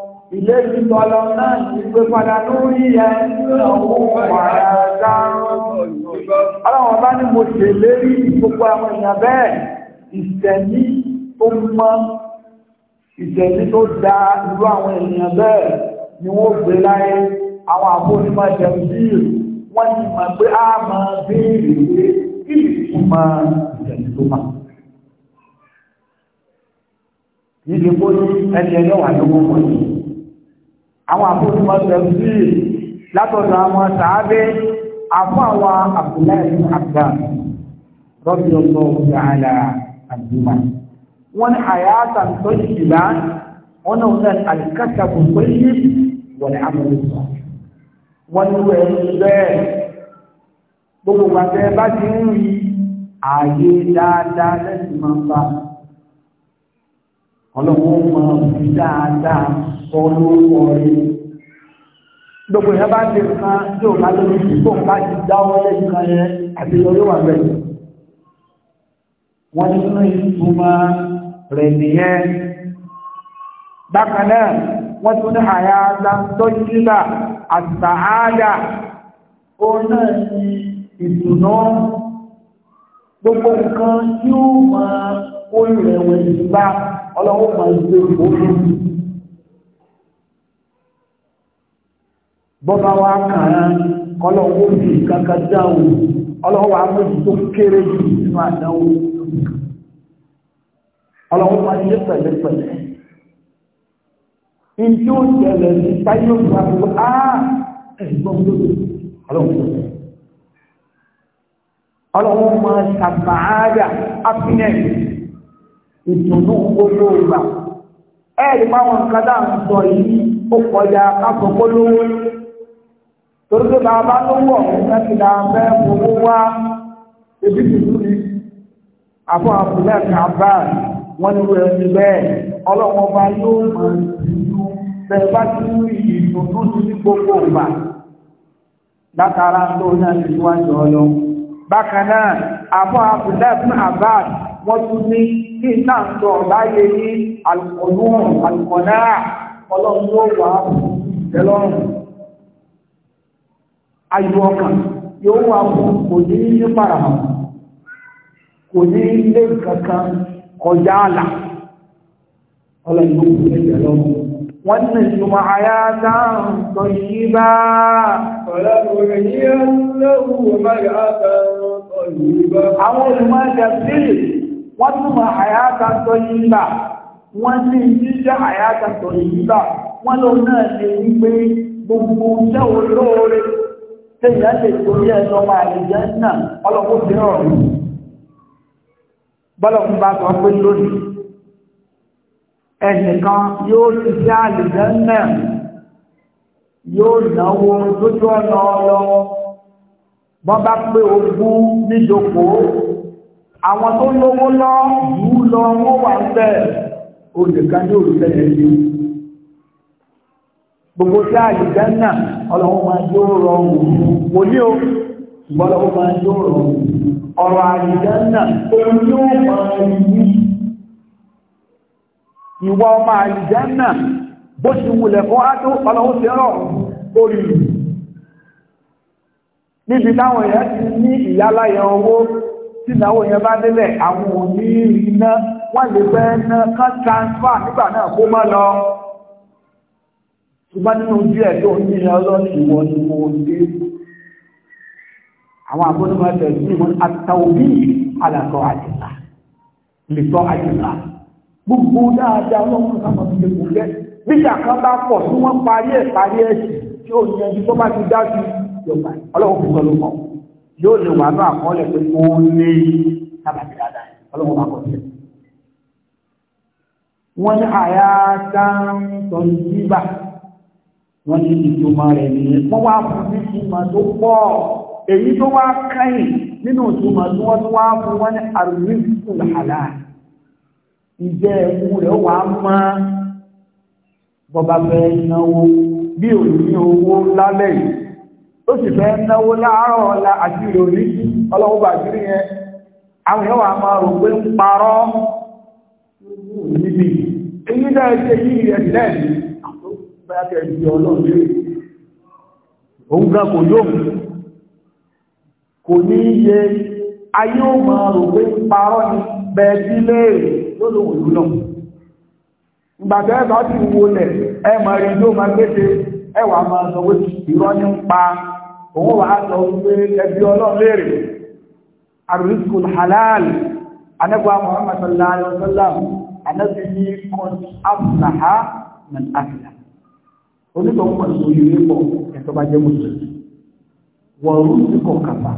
ilé ìtọ́lọ náà ti pé padà ní mo ṣe lérí gbogbo àwọn èèyàn bẹ́ẹ̀ àwọn èèyàn bẹ́ẹ̀ ni wọ́n gbé wọ́n ti mọ̀ pé a máa béèrè pé kí ìtumọ̀ ìṣẹ̀ní tó máa yìí lè ní ẹni ẹni wà lọ́wọ́ wọ̀nyí àwọn àfọ́sùmọ́ tẹ̀sí látọ̀dọ̀ àwọn sàábé àfọ́ àwọn Abdullahi àgbà rọ́bì ọ̀sọ̀ ìyàlá àdúmà wọ́n ní àyàtà tó ṣìlá wọ́n náà wọ́n ní àlìkàtà kò pé yí wọ́n ní àmọ́lẹ̀ wọ́n ní wọ́n bẹ́ẹ̀ gbogbo gbàtẹ́ bá ti ń rí ààyè dáadáa lẹ́sìn máa ń bá ọlọ́wọ́ máa ń fi dáadáa sọ lórúkọ rẹ̀ gbogbo ìyá bá ń lè kan tí ò bá lórí ìbò bá ti dáwọ́ lẹ́yìn kan yẹn àti lórí wà bẹ́ẹ̀ wọ́n nínú ìtumọ̀ rẹ̀ nìyẹn bákan náà wọ́n tún ní àyà ó náà ní ìdùnnà gbogbo nǹkan tí ó máa kó ọlọ́wọ́ máa ń gbé bọ́bá wa kàn án kọ́lọ́wọ́ fi kankan dáhùn ọlọ́wọ́ amójú tó kéré jù nínú àdáwò ọlọ́wọ́ máa ń yé pẹ̀lẹ́pẹ̀lẹ́ ìdí ó jẹlẹ̀ ní táyé òkú àbúrò áá ẹ̀gbọ́n tó ọlọ́wọ́ tó ọlọ́wọ́ máa ṣàbàádà happiness ìtùnú olóògbà ẹ̀ẹ́dì máa wọn kádà ń sọ yìí ó kọjá káfọ́ kólówó torí pé bá a bá lówó ọ̀hún láti dá abẹ́ owó wá ebi tuntun ni àfọ àbúlẹ̀ kàbá wọn ni wọ́n ti bẹ́ẹ̀ ọlọ́wọ́n bá yóò mọ̀ ìlú bẹ́ẹ̀ bá ti ń rí ìdùnnú ní gbogbo ìgbà látara tó náà ti wájú ọlọ́ bákan náà àfọ àbúlẹ̀ fún àbá wọ́n tún ní kí náà sọ láyé ní alùpùpù alùpùpù náà ọlọ́run yóò wà á tẹ́lọ́rùn ayọ̀ ọkàn yóò wà fún kò ní ní paramọ̀ kò ní ilé kankan kọjá àlà ọlọ́yìn wọ́n ní ìṣùmọ̀ àyáta tó yí bá ọ̀lọ́pùnrin yíò lóòrùn mẹ́rin àtàrà àwọn olùmọ̀ ẹ̀dẹ̀bìrì wọ́n túnmọ̀ àyáta tó yílá wọ́n ní jíjẹ́ àyáta tó yílá wọ́n ló náà lè wípé gbogbo jẹ́ olóore téèyàn lè torí ẹ̀sọ́ máa lè jẹ́ náà ọlọ́pọ̀ sí ọ̀rọ̀ mi bọ́lọ̀kún bá sọ pé lónìí ẹnìkan yóò ti sí àlùjẹ́ náà yóò náwó lójú ọ̀nà ọlọ́wọ́ bọ́n bá pé ogún níjókòó àwọn tó lówó lọ yìí lọ wọ́n wà bẹ́ẹ̀ olùkan ní gbogbo tí àyíká náà ọlọ́run máa yóò rọrùn mo ní o ṣùgbọ́n yóò rọrùn ọ̀rọ̀ àyíká náà òun yóò máa yí ìwọ ọmọ àyíká náà bó ti wulẹ̀ fún ádó ọlọ́run ṣùgbọ́n nínú ojú ẹ̀ tó ń yíyan ọlọ́sì wọn ni mo dé àwọn abọ́nimọ̀ ẹ̀fẹ̀ sí wọn àtàwọ̀bí alàkọ́ àjìlá lìtọ́ àjìlá gbogbo dáadáa ọlọ́run sábà fi lékun lẹ́ bíjà kan bá pọ̀ tí wọ́n parí ẹ̀ parí ẹ̀ sí tí ó yanjú tó bá ti dá sí yọ̀gbà ọlọ́run fi yóò lè wà ní àkọọ́lẹ̀ pé mo lé sábà ti dáadáa ọlọ́run bá kọ̀ wọ́n ní ìtumọ̀ rẹ̀ nìyẹn wọ́n wá fún ní ìtumọ̀ tó pọ̀ èyí tó wá kẹ́yìn nínú ìtumọ̀ tí wọ́n wá fún wọn ní àrùnífù làlá ìjẹ́ ẹ̀kún rẹ̀ wà á mọ́ fẹ́ náwó bí ò ní owó lálẹ́ yìí ó sì fẹ́ náwó láàárọ̀ ọ̀la àti ọlọ́wọ́ yẹn àwọn máa rò pé ń parọ́ níbi èyí náà ṣe yí báyàkẹ́ ìdí kò yóò kò ní iye ayé ò máa rò pé parọ́ ni bẹ̀ẹ̀bí léèrè lólòwò lúnà ìgbàtẹ́ ẹ̀bá ti wo lẹ̀ ẹ rí ló máa gbéṣe ẹwà máa sọ ní ń pa òun wà sọ ẹbí léèrè onítọ̀hún pàṣẹ oríire pọ̀ ẹ̀tọ́ bá jẹ́ mùsùlùmí wọ̀rú sí kọ̀ kàfà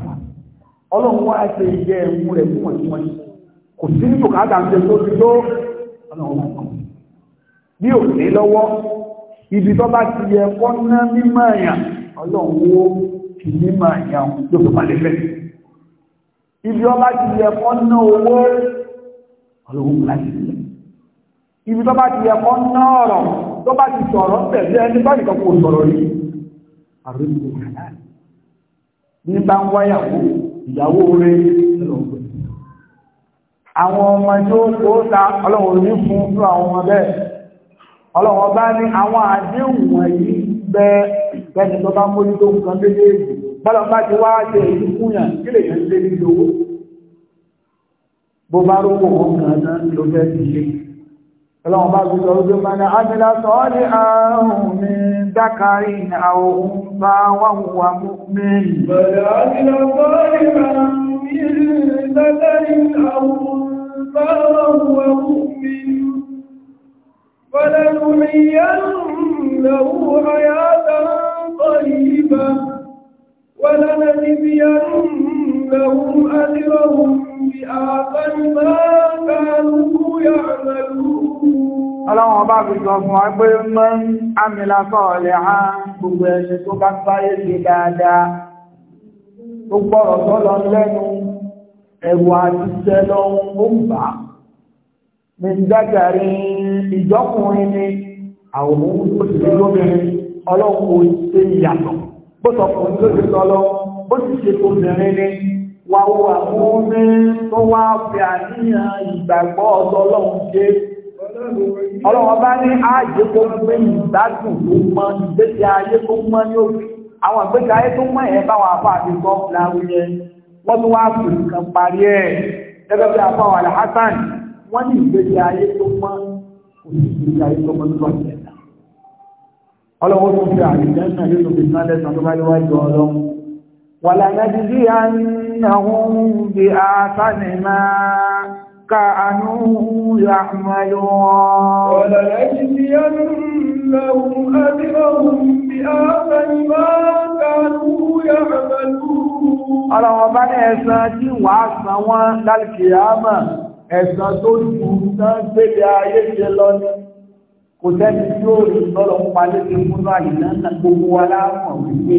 ọlọ́run wá ṣe ìjẹ́ ẹ̀mú rẹ̀ fún wọn tí wọ́n kò sí ní bùkátà ń ṣe tó ti tó ọlọ́run wọn kàn bí ò ní lọ́wọ́ ibi tó bá ti ibi tó bá ti yẹ kọ́ ná ọ̀rọ̀ tó bá ti sọ̀rọ̀ tẹ̀lé ẹni bá nìkan kò sọ̀rọ̀ rí àríwó kàdá ní bá ń wáyàwó ìyàwó rẹ̀ lọ́gbọ̀n àwọn ọmọ tí ó kó ta ọlọ́run ní fún fún àwọn ọmọ bẹ́ẹ̀ ọlọ́run bá ní àwọn àdéhùn wọ̀nyí bẹ bẹ́ẹ̀ni tó bá mójú tó nǹkan méjèèjì bọ́lọ̀ bá ti wá ṣe èyí fún yàn kí lè yàn lé nílò bó bá rókò wọn kàn án ló fẹ́ ti ṣe ọlọ́run bá gbé sọ wípé mọ́nà ámìlá sọ́ọ́lì ààrùn mi dákàrí àwọn ohun bá wọ́n wà mú mẹ́rin mọ́nà ámìlá sọ́ọ́lì ààrùn mi dákàrí àwọn ohun bá wọ́n wà mú mẹ́rin ولنحيينه حياة طيبة ولنجزينهم أجرهم بأعظم ما كانوا يعملون Ọlọ́run ọba gbogbo fún wa pé mọ́ àmìlà sọ́ọ̀lẹ̀ á gbogbo ẹ̀ṣẹ̀ tó bá gbáyé ṣe dáadáa. Ó gbọ́rọ̀ sọ́lọ lẹ́nu ẹ̀rù àti ṣẹlọ́un ó ń bà. Mi ń dágàrí ìjọkùnrin ni wà wà fún mi tó wá fi àníyàn ìgbàgbọ́ ọ̀dọ́ ọlọ́run ṣe ọlọ́run bá ní ààyè tó ń gbé ìgbádùn tó mọ ìgbésí ayé tó mọ ní òfin àwọn ìgbésí ayé tó mọ ẹ̀ báwọn afọ àfikọ́ láwùjẹ wọ́n tún wá fi nǹkan parí ẹ̀ gẹ́gẹ́ bí afọ àwọn alhassan wọ́n ní ìgbésí ayé tó mọ ìgbésí ayé tó mọ nípa ìjẹta ọlọ́run tó fi àlùjẹ́ náà nínú ìgbésí ayé tó mọ nípa ìjọ ọlọ́run wàlànà dídí àárín فإنهم بآثن ما كانوا يعملون ولنجزينهم أجرهم بآثن ما كانوا يعملون ألوما ẹ̀san tí wàá san wọ́n lálkìyàmà ẹ̀san tó jù náà gbélé ayé ṣe lọ ní kò sẹ́ni tí ó rí lọ́lọ́ ń palẹ́ tí fún láyé náà gbogbo wa láàmọ̀ wípé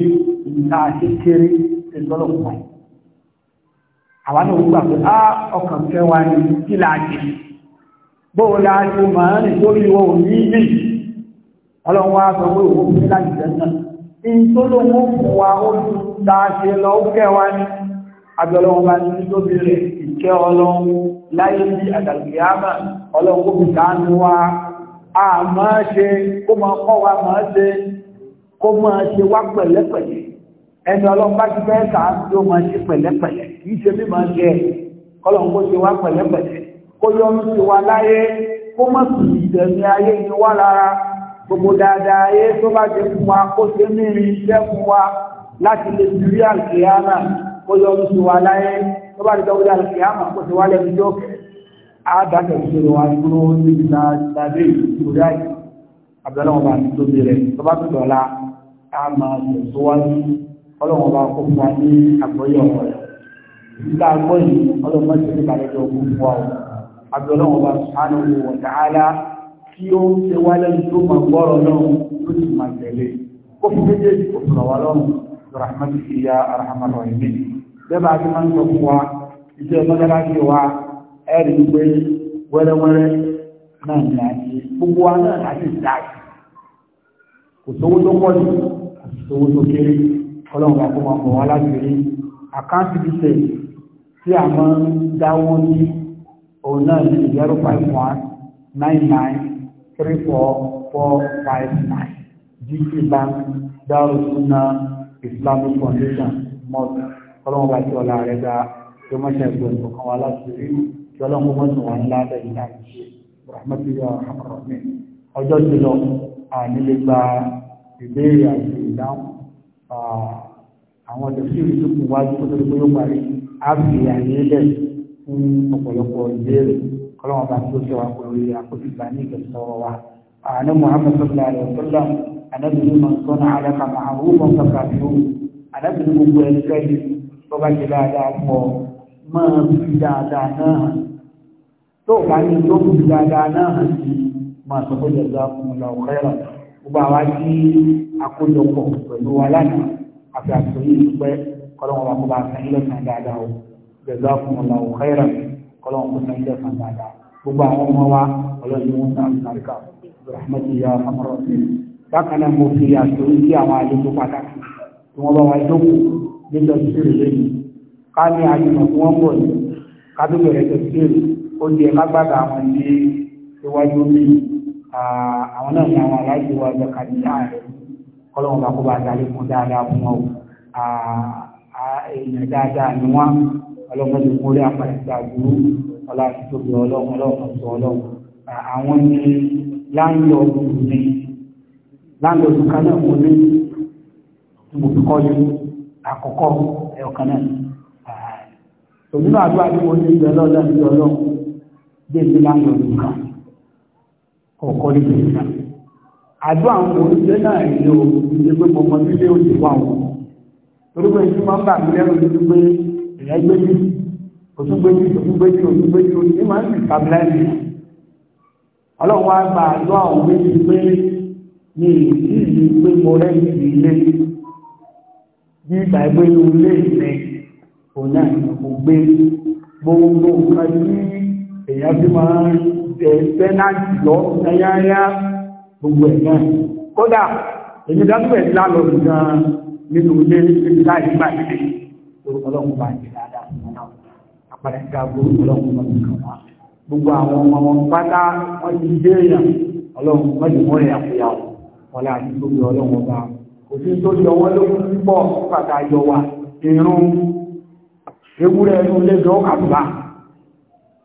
ìta àṣekéré ṣe lọ́lọ́ pàyẹ́ àwa náà gbà pé á ọkàn fẹ́ wa ní kí láàájì bóò láàájì máa ń torí wọn ò ní ilé ọlọ́run wá sọ pé òun fi láti jẹ náà in tó lóun ó fún wa ó dáṣe lọ ó kẹ́ wa ní abẹ́ọlọ́run bá ní tóbi rẹ̀ ìkẹ́ ọlọ́run láyé bí a máa ṣe kó máa kọ́ wa ẹni ọlọ́pàá ti fẹ́ sàánú tó máa ṣe pẹ̀lẹ́pẹ̀lẹ́ kì í ṣe bí máa jẹ kọ́lọ̀n kó ṣe wá pẹ̀lẹ́pẹ̀lẹ́ kó yọnu ṣe wá láyé kó má sùn ìdẹ̀mí ayé ni wá lára gbogbo dáadáa ayé tó bá jẹ fún wa kó ṣe ní irinṣẹ́ fún wa láti lè fi rí àlùkìyàmà kó yọnu ṣe wá láyé tó bá jẹ wọlé àlùkìyàmà kó ṣe wá lẹ́nu tó kẹ́ àádọ́kẹ́ ìṣòro wa dúró níbi tàbí ìṣòro àbẹ̀lẹ́ wọn bá ti tóbi rẹ̀ tó bá tó dọ̀la á máa tẹ̀síwájú ọlọ́run bá kó fún wa ní àgbọ́yé ọ̀rọ̀ rẹ̀ nígbà àgbọ́ yìí ọlọ́run bá ti rí balẹ̀jọ ogun fún wa o àbí ọlọ́run bá sùnánù wò wọ̀ tààlà kí ó ṣe wá lẹ́nu tó máa gbọ́rọ̀ náà tó sì máa tẹ̀lé ó fi méjèèjì kò sọ̀rọ̀ wa lọ́rùn rahmatu iya arhamar rahimi bẹ́ẹ̀ bá ti máa ń sọ fún wa iṣẹ́ mọ́tàláṣí wa ẹ̀rí pé wẹ́rẹ́wẹ́rẹ́ náà ní àti gbogbo wa náà láti dáa kò sówó tó pọ̀ jù kò sówó tó kéré ọlọ́run bá kó wọn bọ̀ wá lágbèrè àkáǹtì gbèsè tí a máa ń dáwọ́ ní òun náà ní zero five one nine nine three four four five nine GT Bank Darusuna Islamic Foundation mosque ọlọ́run bá tí ọlá rẹ̀ ga tó mọ́ṣẹ́ ìgbọ̀n ìkọ̀kan wa lágbèrè tí ọlọ́run mọ́ tó wà ńlá lẹ́yìn náà ṣe rahmatulahi rahmatulahi ọjọ́ ti lọ àní lè gba ìbéèrè àti ìdáhùn. Ah, àwọn tẹ̀síìrì tó kù wájú tó tó tó parí á fi àyè lẹ̀ fún ọ̀pọ̀lọpọ̀ ìbéèrè kọ́lọ́wọ́n bá tó ṣe wà pẹ̀lú àkóso ìgbà ní ìgbésọ̀rọ̀ wa. Ah, àná Muhammad sallallahu alayhi wa sallam anábìrin máa ń tọ́nà alaka máa ń rúbọ̀ kàkà fi ó anábìrin gbogbo ẹnikẹ́ni tó bá ṣe dáadáa pọ̀ máa fi dáadáa náà hàn tó bá ní tó fi dáadáa náà hàn sí máa sọ gbogbo àwa tí àkójọpọ̀ pẹ̀lú wa lánàá àti àtúnyí ìdúpẹ́ kọ́lọ́wọ́n wa kó bá san ilé san dáadáa o jazakumullahu khairan kọ́lọ́wọ́n kó san ilé san dáadáa gbogbo àwọn ọmọ wa ọlọ́run ni wọ́n san àlùkà rahmatulahi ya hamara bákan náà mo fi àtúnyí sí àwọn àlejò pàtàkì tí wọ́n bá wa jókòó níjọ sísèrè lẹ́yìn ká ní àyùmọ̀ tí wọ́n bọ̀ ní ká tó bẹ̀rẹ̀ tẹ̀síèrè ó di ẹ̀ lágbàdà àwọn ilé iwájú mi Ah, àwọn náà ní àwọn aláìsí wa ọjọ́ kàdíjà rẹ̀ kọ́lọ́wọ́n bá kó bá darí fún dáadáa fún ọ ah, ah, èèyàn dáadáa ni wọ́n ọlọ́mọ ti kórè àpàtì àbúrú ọlá títóbi ọlọ́run ọlọ́run tó ọlọ́run àwọn ní láńlọ́ọ̀dù mi láńlọ́ọ̀dù kan náà mo ní mo fi kọ́ yìí àkọ́kọ́ ẹ̀ọ̀kan náà òmìnira àdúrà tí mo ní ìgbẹ́ lọ́dọ̀ ìjọ ọlọ́run dé sí láńlọ́ọ̀dù kan ọ̀kọ́ ní ìgbà àdó àwọn oníṣẹ́ náà ilé o ìdí pé mo mọ nílé òjì wà wọn torí pé ìdí máa ń bà mí lẹ́rù ní pé ẹ̀yà gbé ní òtún gbé ní òtún gbé ní òtún gbé ní òtún ní máa ń sì stabilize ọlọ́run wá gba àdó àwọn méjì pé ní ìdí ìlú pé mo rẹ́yìn sí ilé bí ìgbà ẹgbẹ́ inú ilé ìfẹ́ òun náà mo gbogbo nǹkan tí èèyàn fi máa ń tẹ pẹ́náàtì lọ ẹyáyá gbogbo ẹ̀ náà kódà èmi dábùbẹ̀ ńlá lọ gan nínú ilé níbi láì gbà nílé orúkọ ọlọ́run bá jẹ dáadáa fún wọn àpàdé ga gbogbo ọlọ́run bá jẹ kàn wá gbogbo àwọn ọmọ wọn pátá wọn ti dé èèyàn ọlọ́run wọn ti mọ èèyàn fìyà wọn tó yọ wọn lókun púpọ̀ pàtàkì yọ wa ewúrẹ́ inú lẹ́dọ̀ọ́ àgbà.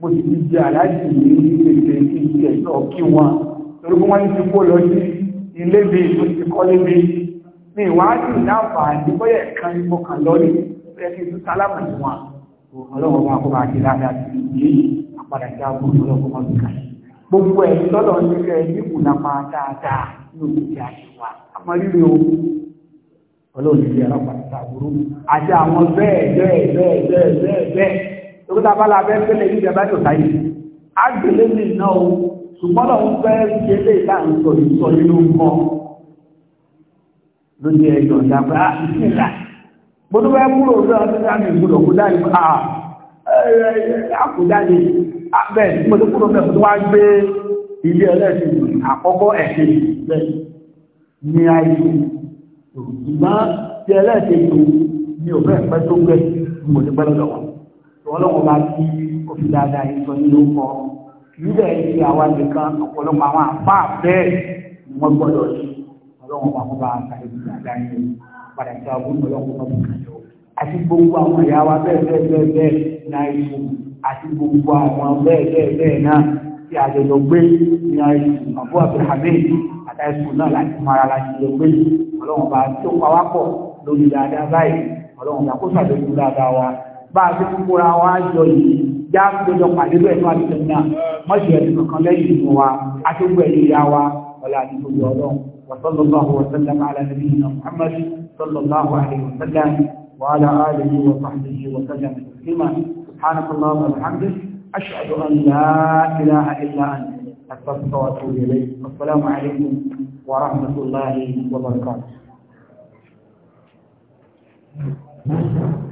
bó ti ti di aláìsí ní ìpèsè ìṣẹ̀ náà kí wọn torí bí wọ́n ti kó lọ sí ilé bí tó ti kọ́lé bí ní ìwádìí ìdáàbà àdìbọ́yẹ̀ kan ipò kan lọ́rí ẹ̀kí tó sálámà ní wọn ọlọ́wọ́ wọn kó bá ti dáadáa sí ìdí àpàdà tí a kó lọ́wọ́ kó má bìkà gbogbo ẹ̀ lọ́dọ̀ ní kẹ́ nípò náà máa dáadáa ní òkúta àṣìwà àmọ́ rírì o ọlọ́run ti di alápàdà àbúrú àti àwọn bẹ́ẹ̀ bẹ́ẹ̀ bẹ́ẹ̀ bẹ́ẹ̀ bẹ́ẹ̀ bẹ́ẹ̀ tó tá a bá la fẹ́ pẹ́lẹ̀ yìí bẹ́ẹ̀ bá tó táyé àgbélé mi náà o ṣùgbọ́n náà ń fẹ́ ṣe lé láàrin sọ ìsọ nínú nǹkan ló jẹ ẹjọ́ ìjàmbá ìsìnlá gbọ́dọ̀ bá kúrò lọ́wọ́ tó dá mi gbọ́dọ̀ kó dáre fún àkójáde bẹ́ẹ̀ tí mo ti kúrò lọ́wọ́ tó wá gbé ilé ẹlẹ́sìn àkọ́kọ́ ẹ̀sìn bẹ́ẹ̀ ní ayé ṣùgbọ́n ti ẹlẹ́sìn mi ò fẹ́ pẹ́ tó gbẹ mo ọlọ́run bá ti òfi dáadáa ìsọ nínú kọ níbẹ̀ ṣe àwa nìkan ọ̀pọ̀lọpọ̀ àwọn àpá bẹ́ẹ̀ wọ́n gbọ́dọ̀ sí ọlọ́run bá kọ́ba àtàlẹ́bí dáadáa yẹn padà sí àwọn ọlọ́run bá bùkà jọ àti gbogbo àwọn ìyá wa bẹ́ẹ̀ bẹ́ẹ̀ bẹ́ẹ̀ bẹ́ẹ̀ náà ìfò àti gbogbo àwọn bẹ́ẹ̀ bẹ́ẹ̀ bẹ́ẹ̀ náà tí a lè lọ gbé ní àìsùn àbú abdulhamid àtàìsùn náà láti mara láti lọ gbé ọlọ́run bá tó pawápọ̀ lórí dáadáa báyìí ọlọ́run bá kó bá a fi kúra wá jọ yìí já gbọdọ pàdé bẹ́ẹ̀ fún àdìsẹ náà mọṣẹ ẹni kankan lẹ́yìn ìlú wa àti gbọ ẹni ìyá wa wọlé iya wa وصلى الله وسلم على نبينا محمد صلى الله عليه وسلم وعلى اله وصحبه وسلم تسليما سبحانك اللهم وبحمدك اشهد ان لا اله الا انت استغفرك واتوب اليك والسلام عليكم ورحمه الله وبركاته Thank you.